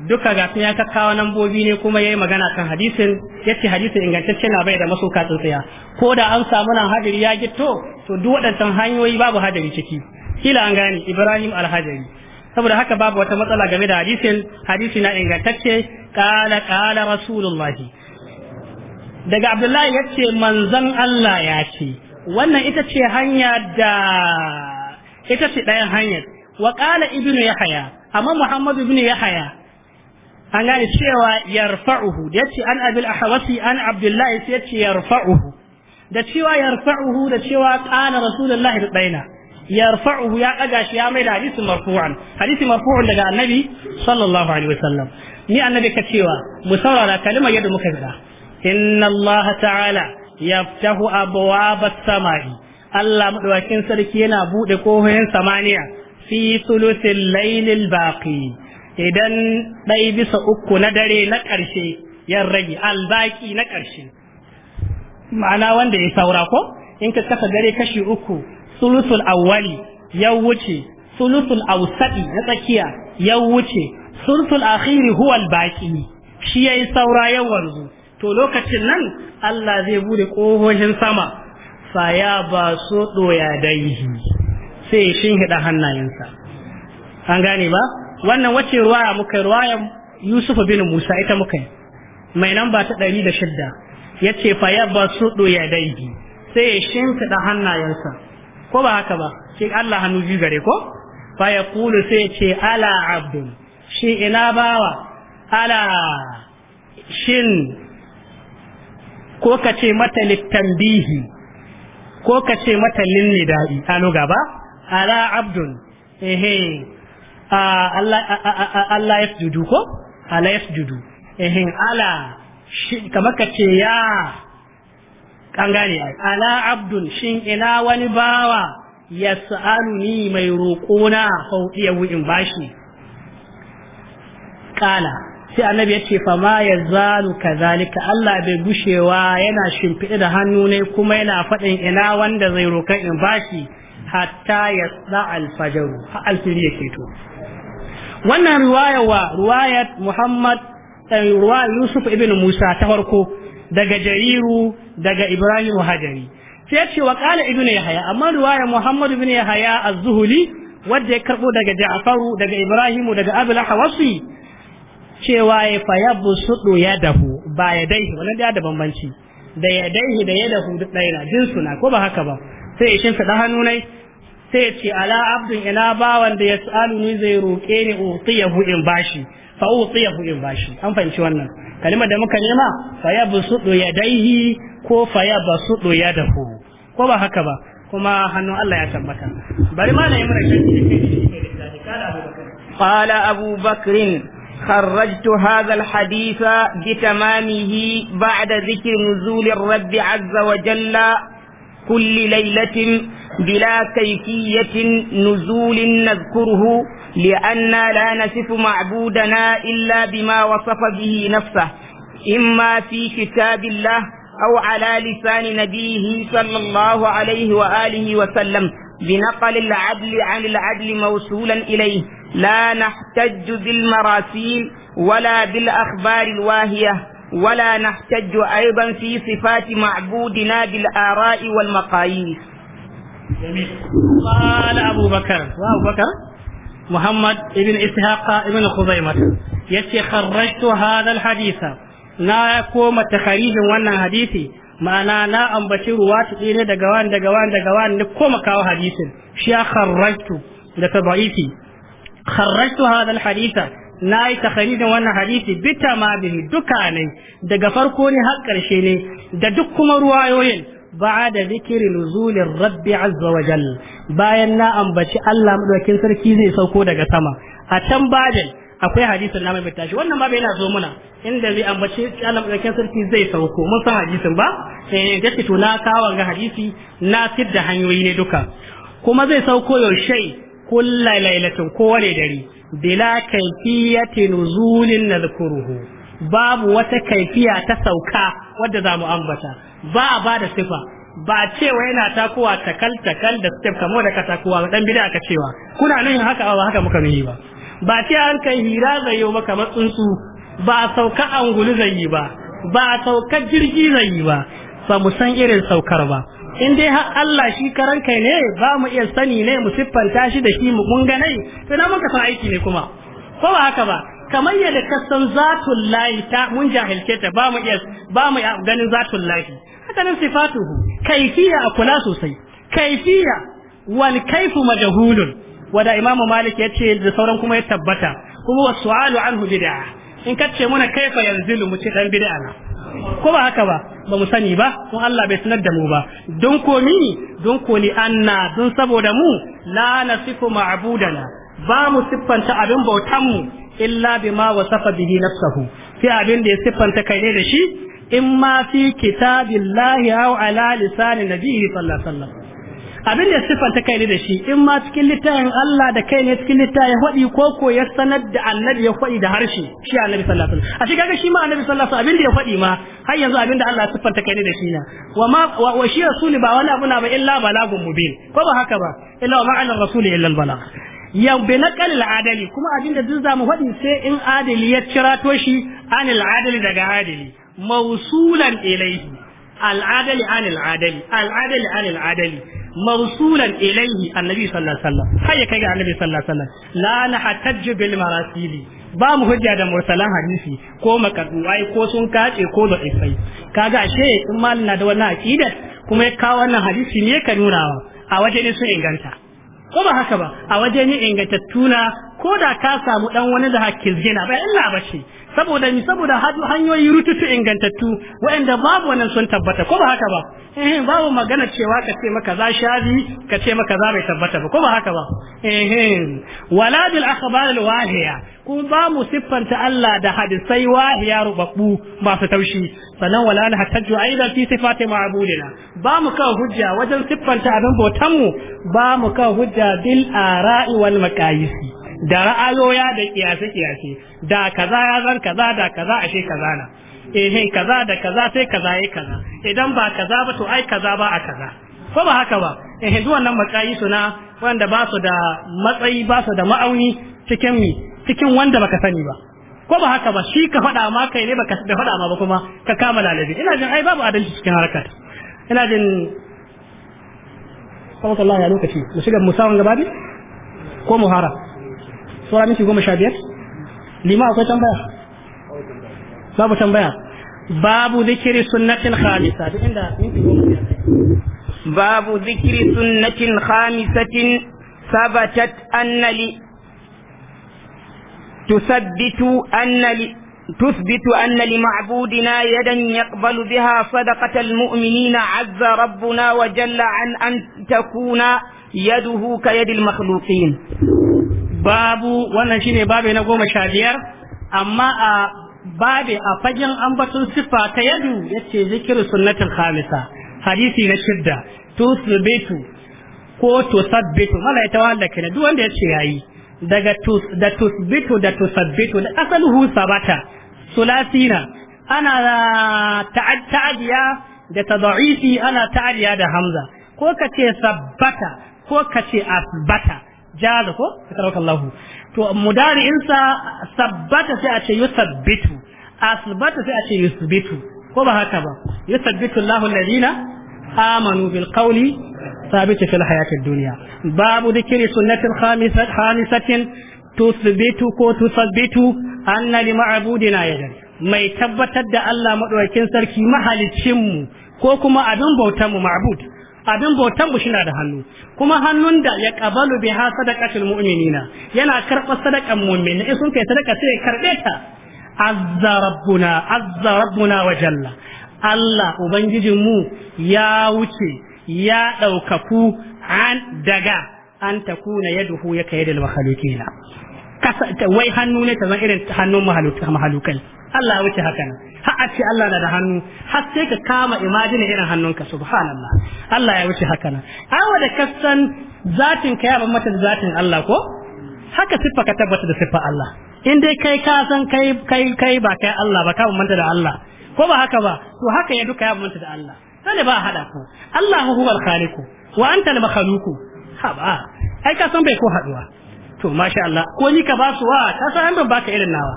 Speaker 1: duka ga sun ya kakkawa nambobi ne kuma ya yi magana kan hadisin ce hadisin ingantacce na bai da masuka tsaya ko da an samu nan hadari ya gito to duk waɗancan hanyoyi babu hadari ciki kila an gani Ibrahim alhajari saboda haka babu wata matsala game da hadisin hadisi na ingantacce kala kala rasulullahi daga abdullahi ya ce manzan Allah ya ce wannan ita ce hanya da ita ce ɗayan hanyar wa ƙala ibnu haya amma muhammadu ibnu yahaya an gane cewa yarfa'uhu da ce an abil ahwasi an abdullahi sai yace yarfa'uhu da cewa yarfa'uhu da cewa qala rasulullahi da daina yarfa'uhu ya daga shi ya maida hadisi marfu'an hadisi marfu'un daga annabi sallallahu alaihi wasallam ni annabi ka cewa mu saurara kalimar yadda muka gada inna Allah ta'ala yaftahu abwaab as-samai Allah sarki yana bude kohoyin samaniya fi sulusil laylil baqi idan ɗai bisa uku na dare na ƙarshe yan rage albaki na qarshe. ma'ana wanda ya saura ko in ka kasa dare kashi uku sulusul awwali ya wuce sulusul awsadi na tsakiya ya wuce sulusul akhiri huwa albaki shi yayi saura yawan wanzu to lokacin nan Allah zai bude kohohin sama Fa ya ba so doya dai sai shin hida hannayensa an gane ba wannan wace ruwaya muka ruwayan Yusuf bin Musa ita muka yi mai namba ta 106 yace ya ba so doya dai sai shin hida hannayensa ko ba haka ba sai Allah hannu biyu gare ko fa ya kula sai ce ala abdu shi ina bawa ala shin ko ka ce mata littanbihi ko ka ce mata linnida'i a nuga gaba ala abdun ehe Allah ya judu ko ala ya judu ehe ala kamar ka ce ya an gane ala abdun shin ina wani bawa ya ni mai roƙona hau iya wu'in bashi ƙala sai annabi ya ce fama ya zalu kazalika Allah bai gushewa yana shimfiɗe da hannu ne kuma yana faɗin ina wanda zai rokan in bashi hatta ya tsa alfajaru ha alfiri ya keto wannan ruwaya wa riwayat Muhammad eh, riwaya Yusuf ibn Musa ta farko daga Jariru daga Ibrahim Hajari sai ya ce wa qala ibn amma ruwaya Muhammad ibn Yahaya az-Zuhli wanda ya karɓo daga Ja'faru daga Ibrahim daga Abul Hawasi cewa ya faya busudu ya dahu ba ya daihi wannan da bambanci da ya daihi da ya dahu duk ɗaya na ko ba haka ba sai ya shimfiɗa hannu nai sai ya ce ala abdun ina ba wanda ya tsalu ni zai roƙe ni utiyahu in bashi fa utiyahu in bashi an fahimci wannan kalimar da muka nema faya busudu ya daihi ko faya basudu ya dahu ko ba haka ba
Speaker 2: kuma hannun Allah ya tabbata bari ma na yi mana shi kada Abu Bakar qala Abu Bakrin خرجت هذا الحديث بتمامه بعد ذكر نزول الرب عز وجل كل ليلة بلا كيفية نزول نذكره لأننا لا نصف معبودنا إلا بما وصف به نفسه إما في كتاب الله أو على لسان نبيه صلى الله عليه وآله وسلم بنقل العدل عن العدل موصولا إليه لا نحتج بالمراسيل ولا بالأخبار الواهية ولا نحتج أيضا في صفات معبودنا بالآراء والمقاييس جميل قال أبو بكر وأبو بكر
Speaker 1: محمد ابن إسحاق ابن خزيمة يتي خرجت هذا الحديث نا كوم تخريج وانا حديثي ma'ana na ambaci ruwatu ɗaya ne daga دغوان daga كاو daga wani خرجت koma kharrajtu hadha alhaditha na yi takharijin wannan hadisi bita ma bihi duka daga farko ne har karshe ne da duk kuma ruwayoyin بعد ذكر نزول azza wa وجل bayan na ambaci Allah madaukin sarki zai sauko daga sama a can bajin akwai hadisin na mai bitashi wannan ba bai na zo muna inda zai ambaci Allah madaukin sarki zai sauko mun san hadisin ba eh gaske to na kawo ga hadisi na fidda hanyoyi ne duka kuma zai sauko yaushe kulla lailatin kowane dare bila kaifiyati nuzulin nadhkuruhu babu wata kaifiya ta sauka wadda za mu ambata ba a ba da sifa ba cewa yana takuwa takal takal da step kamar da ka takuwa dan bida aka cewa kuna nan haka ba haka muka yi ba ba ce an kai hira zai yi maka matsuntsu ba sauka angulu zayi ba ba sauka jirgi zayi ba ba mu san irin saukar ba in dai har Allah shi karan kai ne ba mu iya sani ne mu siffanta shi da shi mu kun ganai to na muka san aiki ne kuma ko ba haka ba kamar yadda ka san zatul lahi ta mun jahilce ta ba mu iya ba mu ganin zatul lahi haka nan sifatuhu kaifiya a kula sosai kaifiya wal kaifu majhulun wada imam malik ya ce da sauran kuma ya tabbata kuma wasu su'alu anhu bid'a in kace muna kaifa yanzilu mu ce dan bid'a na ko ba haka ba ba mu sani ba don Allah bai sanar da mu ba don ko ni don ko anna don saboda mu la nasifu ma'budana ba mu siffanta abin bautan mu illa bima wasafa bihi nafsuhu sai abin da ya siffanta kai ne da shi in ma fi kitabillahi aw ala lisani nabiyyi sallallahu alaihi wasallam abin da siffanta kai ne da shi in ma cikin littafin Allah da kai ne cikin littafin ya faɗi ko ko ya sanar da annabi ya faɗi da harshe shi annabi sallallahu alaihi wasallam a shi kaga shi ma annabi sallallahu alaihi wasallam abin da ya faɗi ma har yanzu abin da Allah siffanta kai ne da shi na wa ma wa shi rasuli ba wani abu na ba illa balagun mubin ko ba haka ba illa wa ma'anar rasuli illa al-balagh ya bi naqal al-adali kuma abin da duk zamu faɗi sai in adali ya cirato shi anil adali daga adali mausulan ilaihi العدل عن العدل العدل عن العدل موصولا إليه النبي صلى الله عليه وسلم هيا كي النبي صلى الله عليه وسلم لا ba mu hujja da mursalan hadisi ko makaduwai ko sun kace ko da isai kaga ashe in mal na da wannan aqidar kuma ya kawo wannan hadisi ne ka nunawa a waje ne sun inganta ko ba haka ba a waje ne ingantattuna ko da ka samu dan wani da hakkin zina ba illa bace saboda ni saboda hanyoyi rututu ingantattu waɗanda babu wannan sun tabbata ko ba haka ba eh babu magana cewa ka ce maka za shazi ka ce maka za bai tabbata ba ko ba haka ba eh wala bil akhbar al wahiya kuma ba mu siffanta Allah da hadisai wahiya rubabbu masu taushi sannan wala na hatajju aidan fi sifati ma'budina ba mu kawo hujja wajen siffanta abin bautan mu ba mu kawo hujja bil ara'i wal maqayisi da ra'ayoya da kiyase kiyase da kaza ya zan kaza da kaza ashe kaza na eh kaza da kaza sai kaza ya kaza idan ba kaza ba to ai kaza ba a kaza ko ba haka ba eh duk wannan matsayi suna wanda ba su da matsayi ba su da ma'auni cikin mi cikin wanda baka sani ba ko ba haka ba shi ka faɗa ma kai ne baka da faɗa ma ba kuma ka kama lalabi ina jin ai babu adalci cikin harkar ina jin sallallahu alaihi lokaci mu shiga musawan gaba ne ko muhara saura miki goma sha biyar lima akwai tambaya babu tambaya babu zikiri sunnatin
Speaker 2: khamisa duk inda minti goma biyar babu zikiri sunnatin khamisatin sabatat annali تثبت أن تثبت أن لمعبودنا يدا يقبل بها صدقة المؤمنين عز ربنا وجل عن أن تكون يده كيد المخلوقين babu wannan
Speaker 1: shine babu na goma sha biyar amma a babe a fagen ambaton sifa ta yadu ce zikir sunnatin khamisa hadisi na shidda to subitu ko to sabbitu mala ita wanda kana duk wanda yace yayi daga tus da tusbitu da tusabbitu da asaluhu sabata sulasina ana ta'adiya da tad'ifi ana ta'adiya da hamza ko kace sabbata ko kace asbata jaza ko ka takaraka Allah to mudari'in insa sabbata sai a ce yusabbitu asbata sai a ce yusbitu ko ba haka ba yusabbitu Allahu alladhina amanu bil qawli ثابت في الحياة الدنيا باب ذكر سنة خامسة خامسة تثبت كو تثبت أن لمعبودنا يدل mai tabbatar da Allah maɗaukakin sarki mahalicinmu ko kuma abin bautanmu ma'bud abin bautan mu shina da hannu kuma hannun da ya qabalu biha sadaqatul mu'minina yana karɓar sadaqan mu'mini in sun kai sadaka sai karɓe ta azza rabbuna azza rabbuna wa jalla Allah ubangijin mu ya wuce ya ɗaukaku an daga an takuna yaduhu yaka yadal makhluqina wai hannu ne ta zan irin hannun mahalukai Allah wuce haka nan har a ce Allah na da hannu har sai ka kama imajini irin hannunka subhanallah Allah ya wuce haka nan An wada kasan zatin ka ya bambanta da zatin Allah ko haka siffa ka tabbata da siffa Allah in dai kai ka san kai kai kai ba kai Allah ba ka manta da Allah ko ba haka ba to haka ya duka ya manta da Allah sai ba hada ku Allahu huwal khaliqu wa anta al makhluqu haba ai ka san bai ko haduwa to masha Allah ko ni ka basu wa ka san an ban baka irin nawa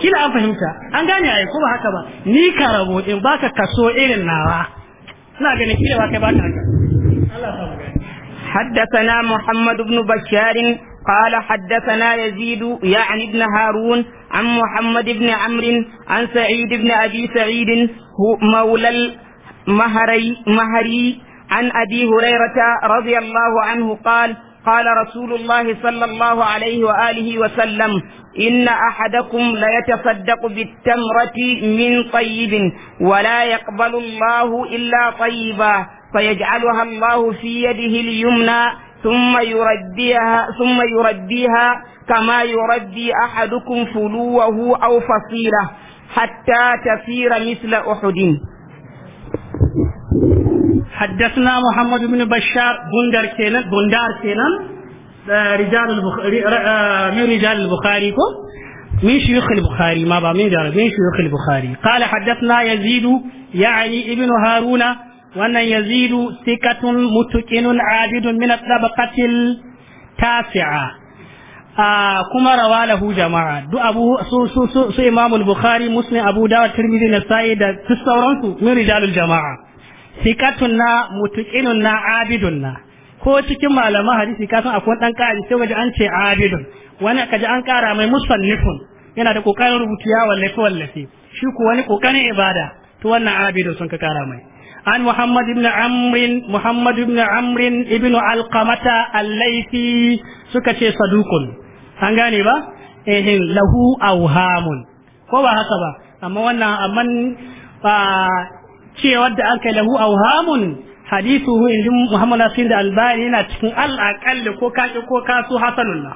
Speaker 1: kila an fahimta an gane ai ko ba haka ba ni ka
Speaker 2: rabo in baka kaso irin nawa
Speaker 1: ina ganin kila ba kai baka haka Allah ya
Speaker 2: حدثنا محمد بن بشار قال حدثنا يزيد يعني ابن هارون عن محمد بن عمرو عن سعيد بن أبي سعيد مولى المهري مهري عن أبي هريرة رضي الله عنه قال قال رسول الله صلى الله عليه وآله وسلم إن أحدكم ليتصدق بالتمرة من طيب ولا يقبل الله إلا طيبا فيجعلها الله في يده اليمنى ثم يرديها ثم يرديها كما يردي أحدكم فلوه أو فصيله حتى تسير مثل أحد حدثنا محمد بن بشار
Speaker 1: بندر كينان بندار كينان رجال البخاري من رجال البخاري من شيوخ البخاري ما بقى من رجال من شيوخ البخاري قال حدثنا يزيد يعني ابن هارون وأن يزيد ثقة متقن عابد من الطبقة التاسعة آه كما روى له جماعة دو أبو سو سو سو, سو إمام البخاري مسلم أبو داود الترمذي النسائي دا تستورنسو من رجال الجماعة sikatun na abidunna na abidun na ko cikin malaman hadisi ka san akwai dan ƙari sai waje an ce abidun wani kaji an ƙara mai musannifun yana da kokarin rubutiya wallafe wallafe shi ko wani kokarin ibada to wannan abidun sun ka ƙara mai an muhammad ibn amr muhammad ibn amr ibn alqamata al suka ce sadukun an gane ba eh lahu awhamun ko ba haka ba amma wannan amman ba cewar da an kai lahu auhamun hadithu in ji Muhammad Nasir da Albani yana cikin al'aƙalli ko kaki ko kasu hasanullah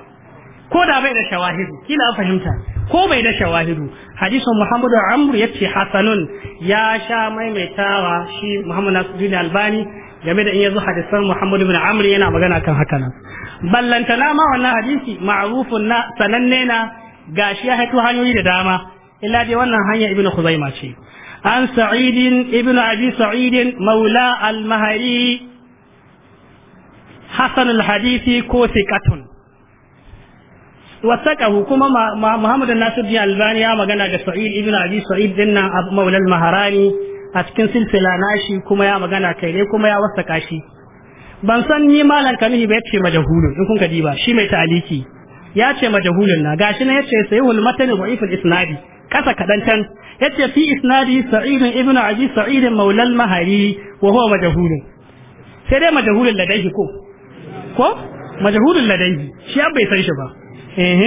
Speaker 1: ko da bai da shawahidu kila fahimta ko bai da shawahidu hadisin Muhammadu ya ce hasanun ya sha maimaitawa shi Muhammad Nasir da Albani game da in yanzu hadisan Muhammad ibn amru yana magana kan haka nan ballantana ma wannan hadisi ma'rufun na sananne na gashi ya haito hanyoyi da dama illa dai wannan hanya ibnu Khuzaimah ce عن سعيد ابن أبي سعيد مولى المهري حسن الحديث كوثقة وثقه كما محمد الناصر دي البانيا مغنى سعيد ابن أبي سعيد دنا مولى المهراني أتكن سلسلة ناشي كما يا مغنى كيلي كما يا وثقاشي ban san ni malan kamihi ba yace majahulun in kun ka diba shi mai ta'aliki ya ce majahulun na gashi na yace sayyul matan da'if al-isnadi kasa kadan can yace fi isnadi sa'id ibn abi sa'id maula al-mahari wa huwa majhul sai dai majhul ladaihi ko ko majhul ladaihi shi bai san shi ba eh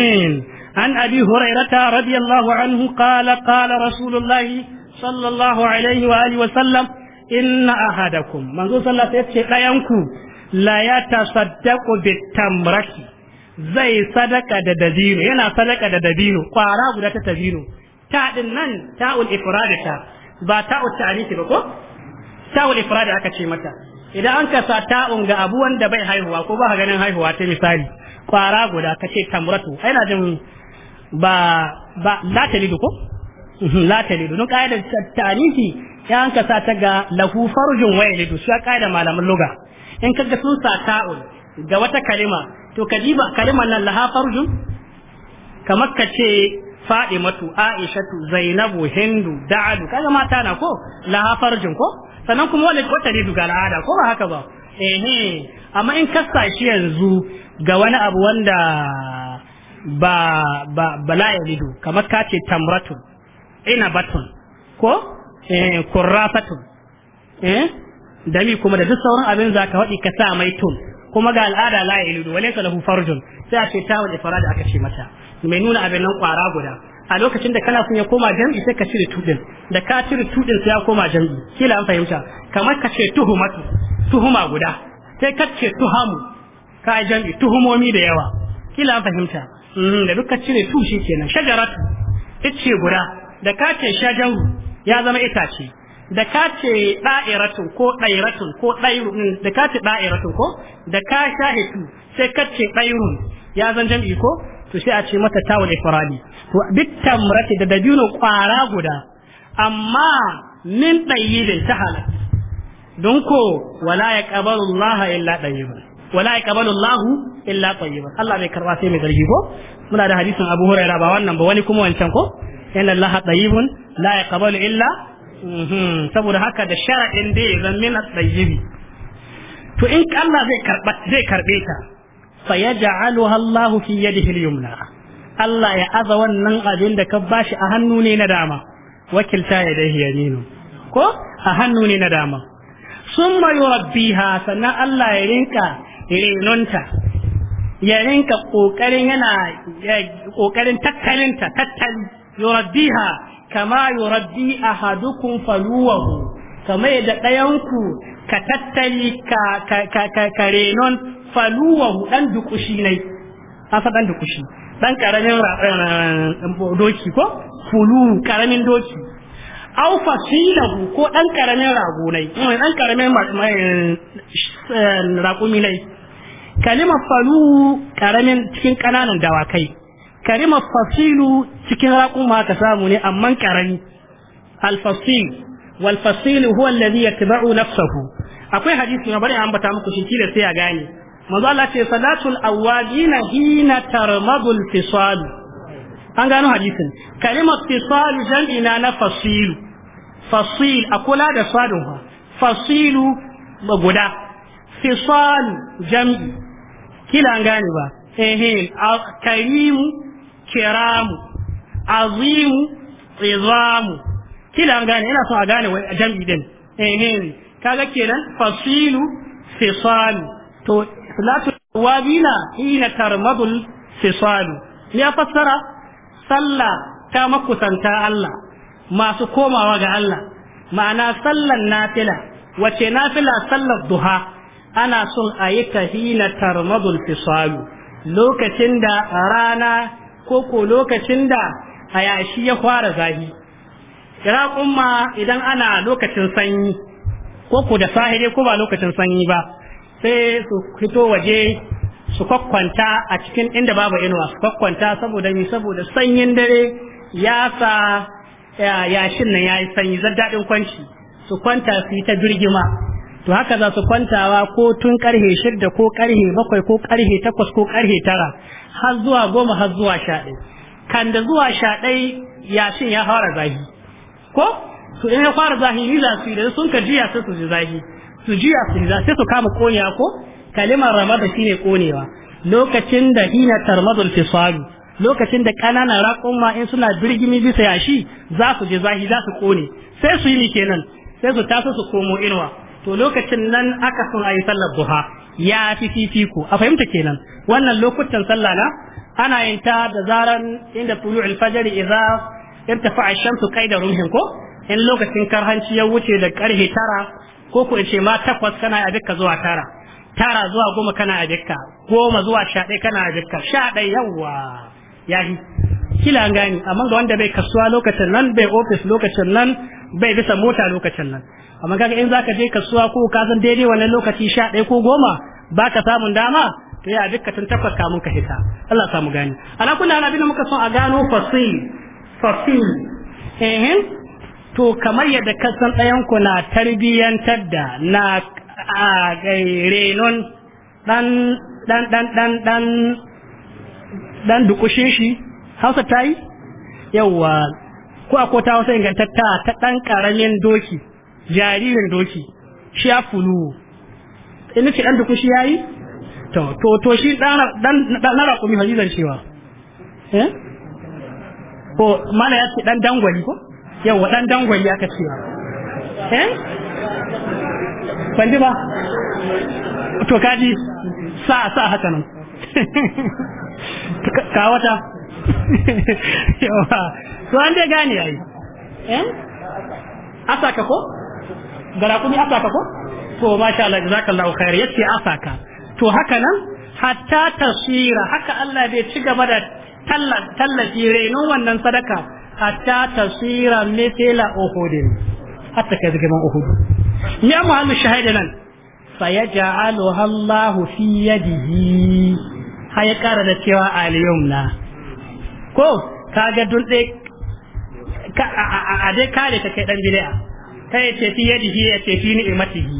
Speaker 1: an abi hurairata radiyallahu anhu qala qala rasulullahi sallallahu alaihi wa alihi wa sallam inna ahadakum manzo sallallahu alaihi yace dayan ku la yatasaddaqu bitamraki, zai sadaka da dabino yana sadaka da dabino kwara guda ta dabino ta din nan ta'ul ifrad ta ba ta'ul ta'rif ba ko ta'ul ifrad aka ce mata idan an kasa ta'un ga abu wanda bai haihuwa ko ba ganin haihuwa ta misali kwara guda ka ce tamratu ai na jin ba ba la talidu ko uhm, la talidu don kaidar ta'rifi ya an kasa ta ga lahu farjun wa yalidu shi kaidar malaman lugha in ka ga sun sa ta'ul ga wata kalima to kadiba kalimar nan laha farjun kamar ka ce fadimatu aishatu zainabu hindu da'adu kaga mata na ko laha farjin ko sannan kuma wani ko tare duga al'ada ko ba haka ba eh amma in kasa shi yanzu ga wani abu wanda ba ba bala yalidu kamar ka ce tamratun batun ko eh kurrafatun eh dami kuma da duk sauran abin zaka wadi ka sa mai tun kuma ga al'ada la yalidu walaysa lahu farjun sai a ce da ifrad aka ce mata mai nuna abin nan kwara guda a lokacin da kana son ya koma jam'i sai ka cire tudin da ka cire tudin sai ya koma jam'i kila an fahimta kamar ka ce tuhumatu tuhuma guda sai ka ce tuhamu ka jam'i tuhumomi da yawa kila an fahimta mm-hmm. da duka cire tu shi kenan shajaratu ice guda da ka ce shajaru ya zama itace da ka ce da'iratun ko ɗairatun ko ɗairun mm, da ka ce da'iratun ko da ka shahitu sai ka ce ɗairun ya zan jam'i ko to sai a ce mata tawul ifradi to bit tamrati da dabino kwara guda amma min dayyibin ta halal don ko wala ya qabalu Allah illa dayyiban wala ya qabalu Allah illa tayyiban Allah bai karba sai mai zargi ko muna da hadisin Abu Hurairah ba wannan ba wani kuma wancan ko inna Allah tayyibun la ya qabalu illa saboda haka da sharadin dai zan min tayyibi to in Allah zai karba zai karbe ta fayaj'aluha Allah fi yadihi al-yumna Allah ya aza wannan abin da ka bashi a hannu ne na dama wakilta ya dai yaminu ko a hannu ne na dama summa yurabbiha sannan Allah ya rinka renonta ya rinka kokarin yana kokarin tattalinta tattali yurabbiha kama yurabbi ahadukum faluwahu kamar da ɗayanku ka tattali ka renon faluwahu dan dukushi ne an fa dan dukushi dan karamin eh, doki ko fulu karamin doki aw fasilahu ko dan karamin rago ne dan karamin eh, raƙumi ne kalima falu karamin cikin kananan dawakai kalimar fasilu cikin ma ka samu ne amman karami alfasil والفصيل هو الذي يتبع نفسه akwai حديث ما bari an بتعمل muku shi da sai ya manzo Allah ce salatul awwabina hina tarmadul fisal an gano hadisin kalimar fisal jami na fasilu fasil a kula da sadu fa fasilu guda fisal jam'i kila an gane ba ehe karimu kiramu azimu izamu kila an gane ina so a gane jam'i din ehe kaga kenan fasilu fisal to salatu wabina hina tarmadul fisalu ya fassara sallah ta makusanta Allah masu komawa ga Allah ma'ana sallan nafila wace nafila sallar duha ana son a ta hina tarmadul fisalu lokacin da rana ko ko lokacin da a ya fara zafi kira umma idan ana lokacin sanyi ko ko da sahire ko ba lokacin sanyi ba sai su fito waje su kwakwanta a cikin inda babu inuwa su kwakwanta saboda mi saboda sanyin dare ya sa yashin nan ya yi sanyi daɗin kwanci su kwanta su yi ta birgima to haka za su kwantawa ko tun karhe shidda ko karhe bakwai ko karhe takwas ko karhe tara har zuwa goma har zuwa shaɗai ɗaya kan da zuwa sha yashin ya fara zahi ko to in ya fara zahi ni za su yi da sun ka jiya sai su ji zahi su juya su riza sai su kama konewa ko kalimar ramadan shine konewa lokacin da hina tarmadul fisalu lokacin da kananan raƙuma in suna birgimi bisa yashi za su je zahi za su kone sai su yi ni kenan sai su taso su komo inuwa to lokacin nan aka sun ayi sallar duha ya fi fifiko a fahimta kenan wannan lokutan sallah na ana yin ta da zaran inda tulu alfajari idza irtafa'a ash-shamsu qaida rumhin ko in lokacin karhanci ya wuce da karhe tara ko ku ce ma takwas kana a dukka zuwa tara tara zuwa goma kana a dukka goma zuwa sha ɗaya kana a dukka sha ɗaya yawa yahi kila an gani amma ga wanda bai kasuwa lokacin nan bai ofis lokacin nan bai bisa mota lokacin nan amma kaga in zaka je kasuwa ko ka san daidai wannan lokaci sha ɗaya ko goma ba ka samun dama to ya dukka tun takwas kamun ka hita Allah samu gani ana kuna ana bin muka son a gano fasil fasil ehin to kamar yadda kasan ɗayanku na tarbiyyantar da na a renon ɗan ɗan ɗan ɗan ɗan ɗan dukushin shi hausa ta yi yawwa ko a ko ta hausa ingantatta ta ɗan ƙaramin doki jaririn doki shi ya fulu ina ce ɗan dukushi ya yi to to to shi ɗan na raƙumi hajjizan cewa eh ko mana ya ce ɗan dangwali ko yau waɗan dangon ya ka ba eh ban ba to kaji sa sa haka nan ka wata yawa to an dai gane yayi eh asaka ko gara kuni asaka ko to masha Allah jazakallahu khair yace asaka to haka nan hatta tasira haka Allah bai ci gaba da tallafi rainon wannan sadaka hatta tasira mithla uhud hatta kai kaman uhud ni amma hal shahida nan fayaj'aluha Allah fi yadihi haya kara da cewa al-yumna ko kaga dun dai ka a dai kare ta kai dan bilia kai ce fi yadihi ya ce fi ni'matihi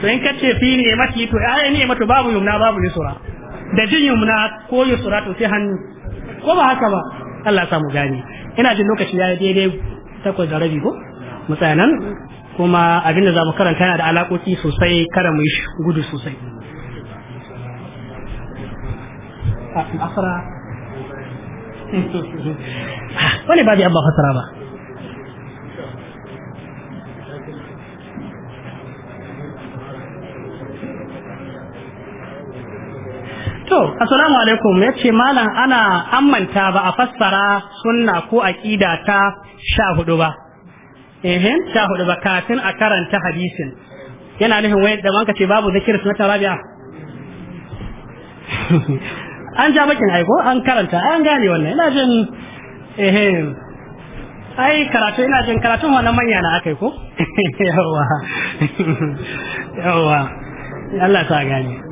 Speaker 1: to in ka ce fi ni'matihi to ai ni'matu babu yumna babu yusra da jin yumna ko yusra to sai hannu ko ba haka ba Allah samu gani ina jin lokaci ya daidai takwas da rabi ko mu kuma abinda za mu karanta yana da alaƙoƙi sosai kada mu yi gudu sosai ah, wani babu yamma fasara ba to assalamu alaikum ce malam ana ammanta ba a fassara sunna ko ƙida ta sha hudu ba ehem sha hudu ba kafin a karanta hadisin yana nufin wai da manka ce babu suna ta rabi'a an ja bakin aiko an karanta an gane wannan ina jin ehem ai karatu ina jin karatun wannan manya na aka yi ko yawa yawa Allah ta gane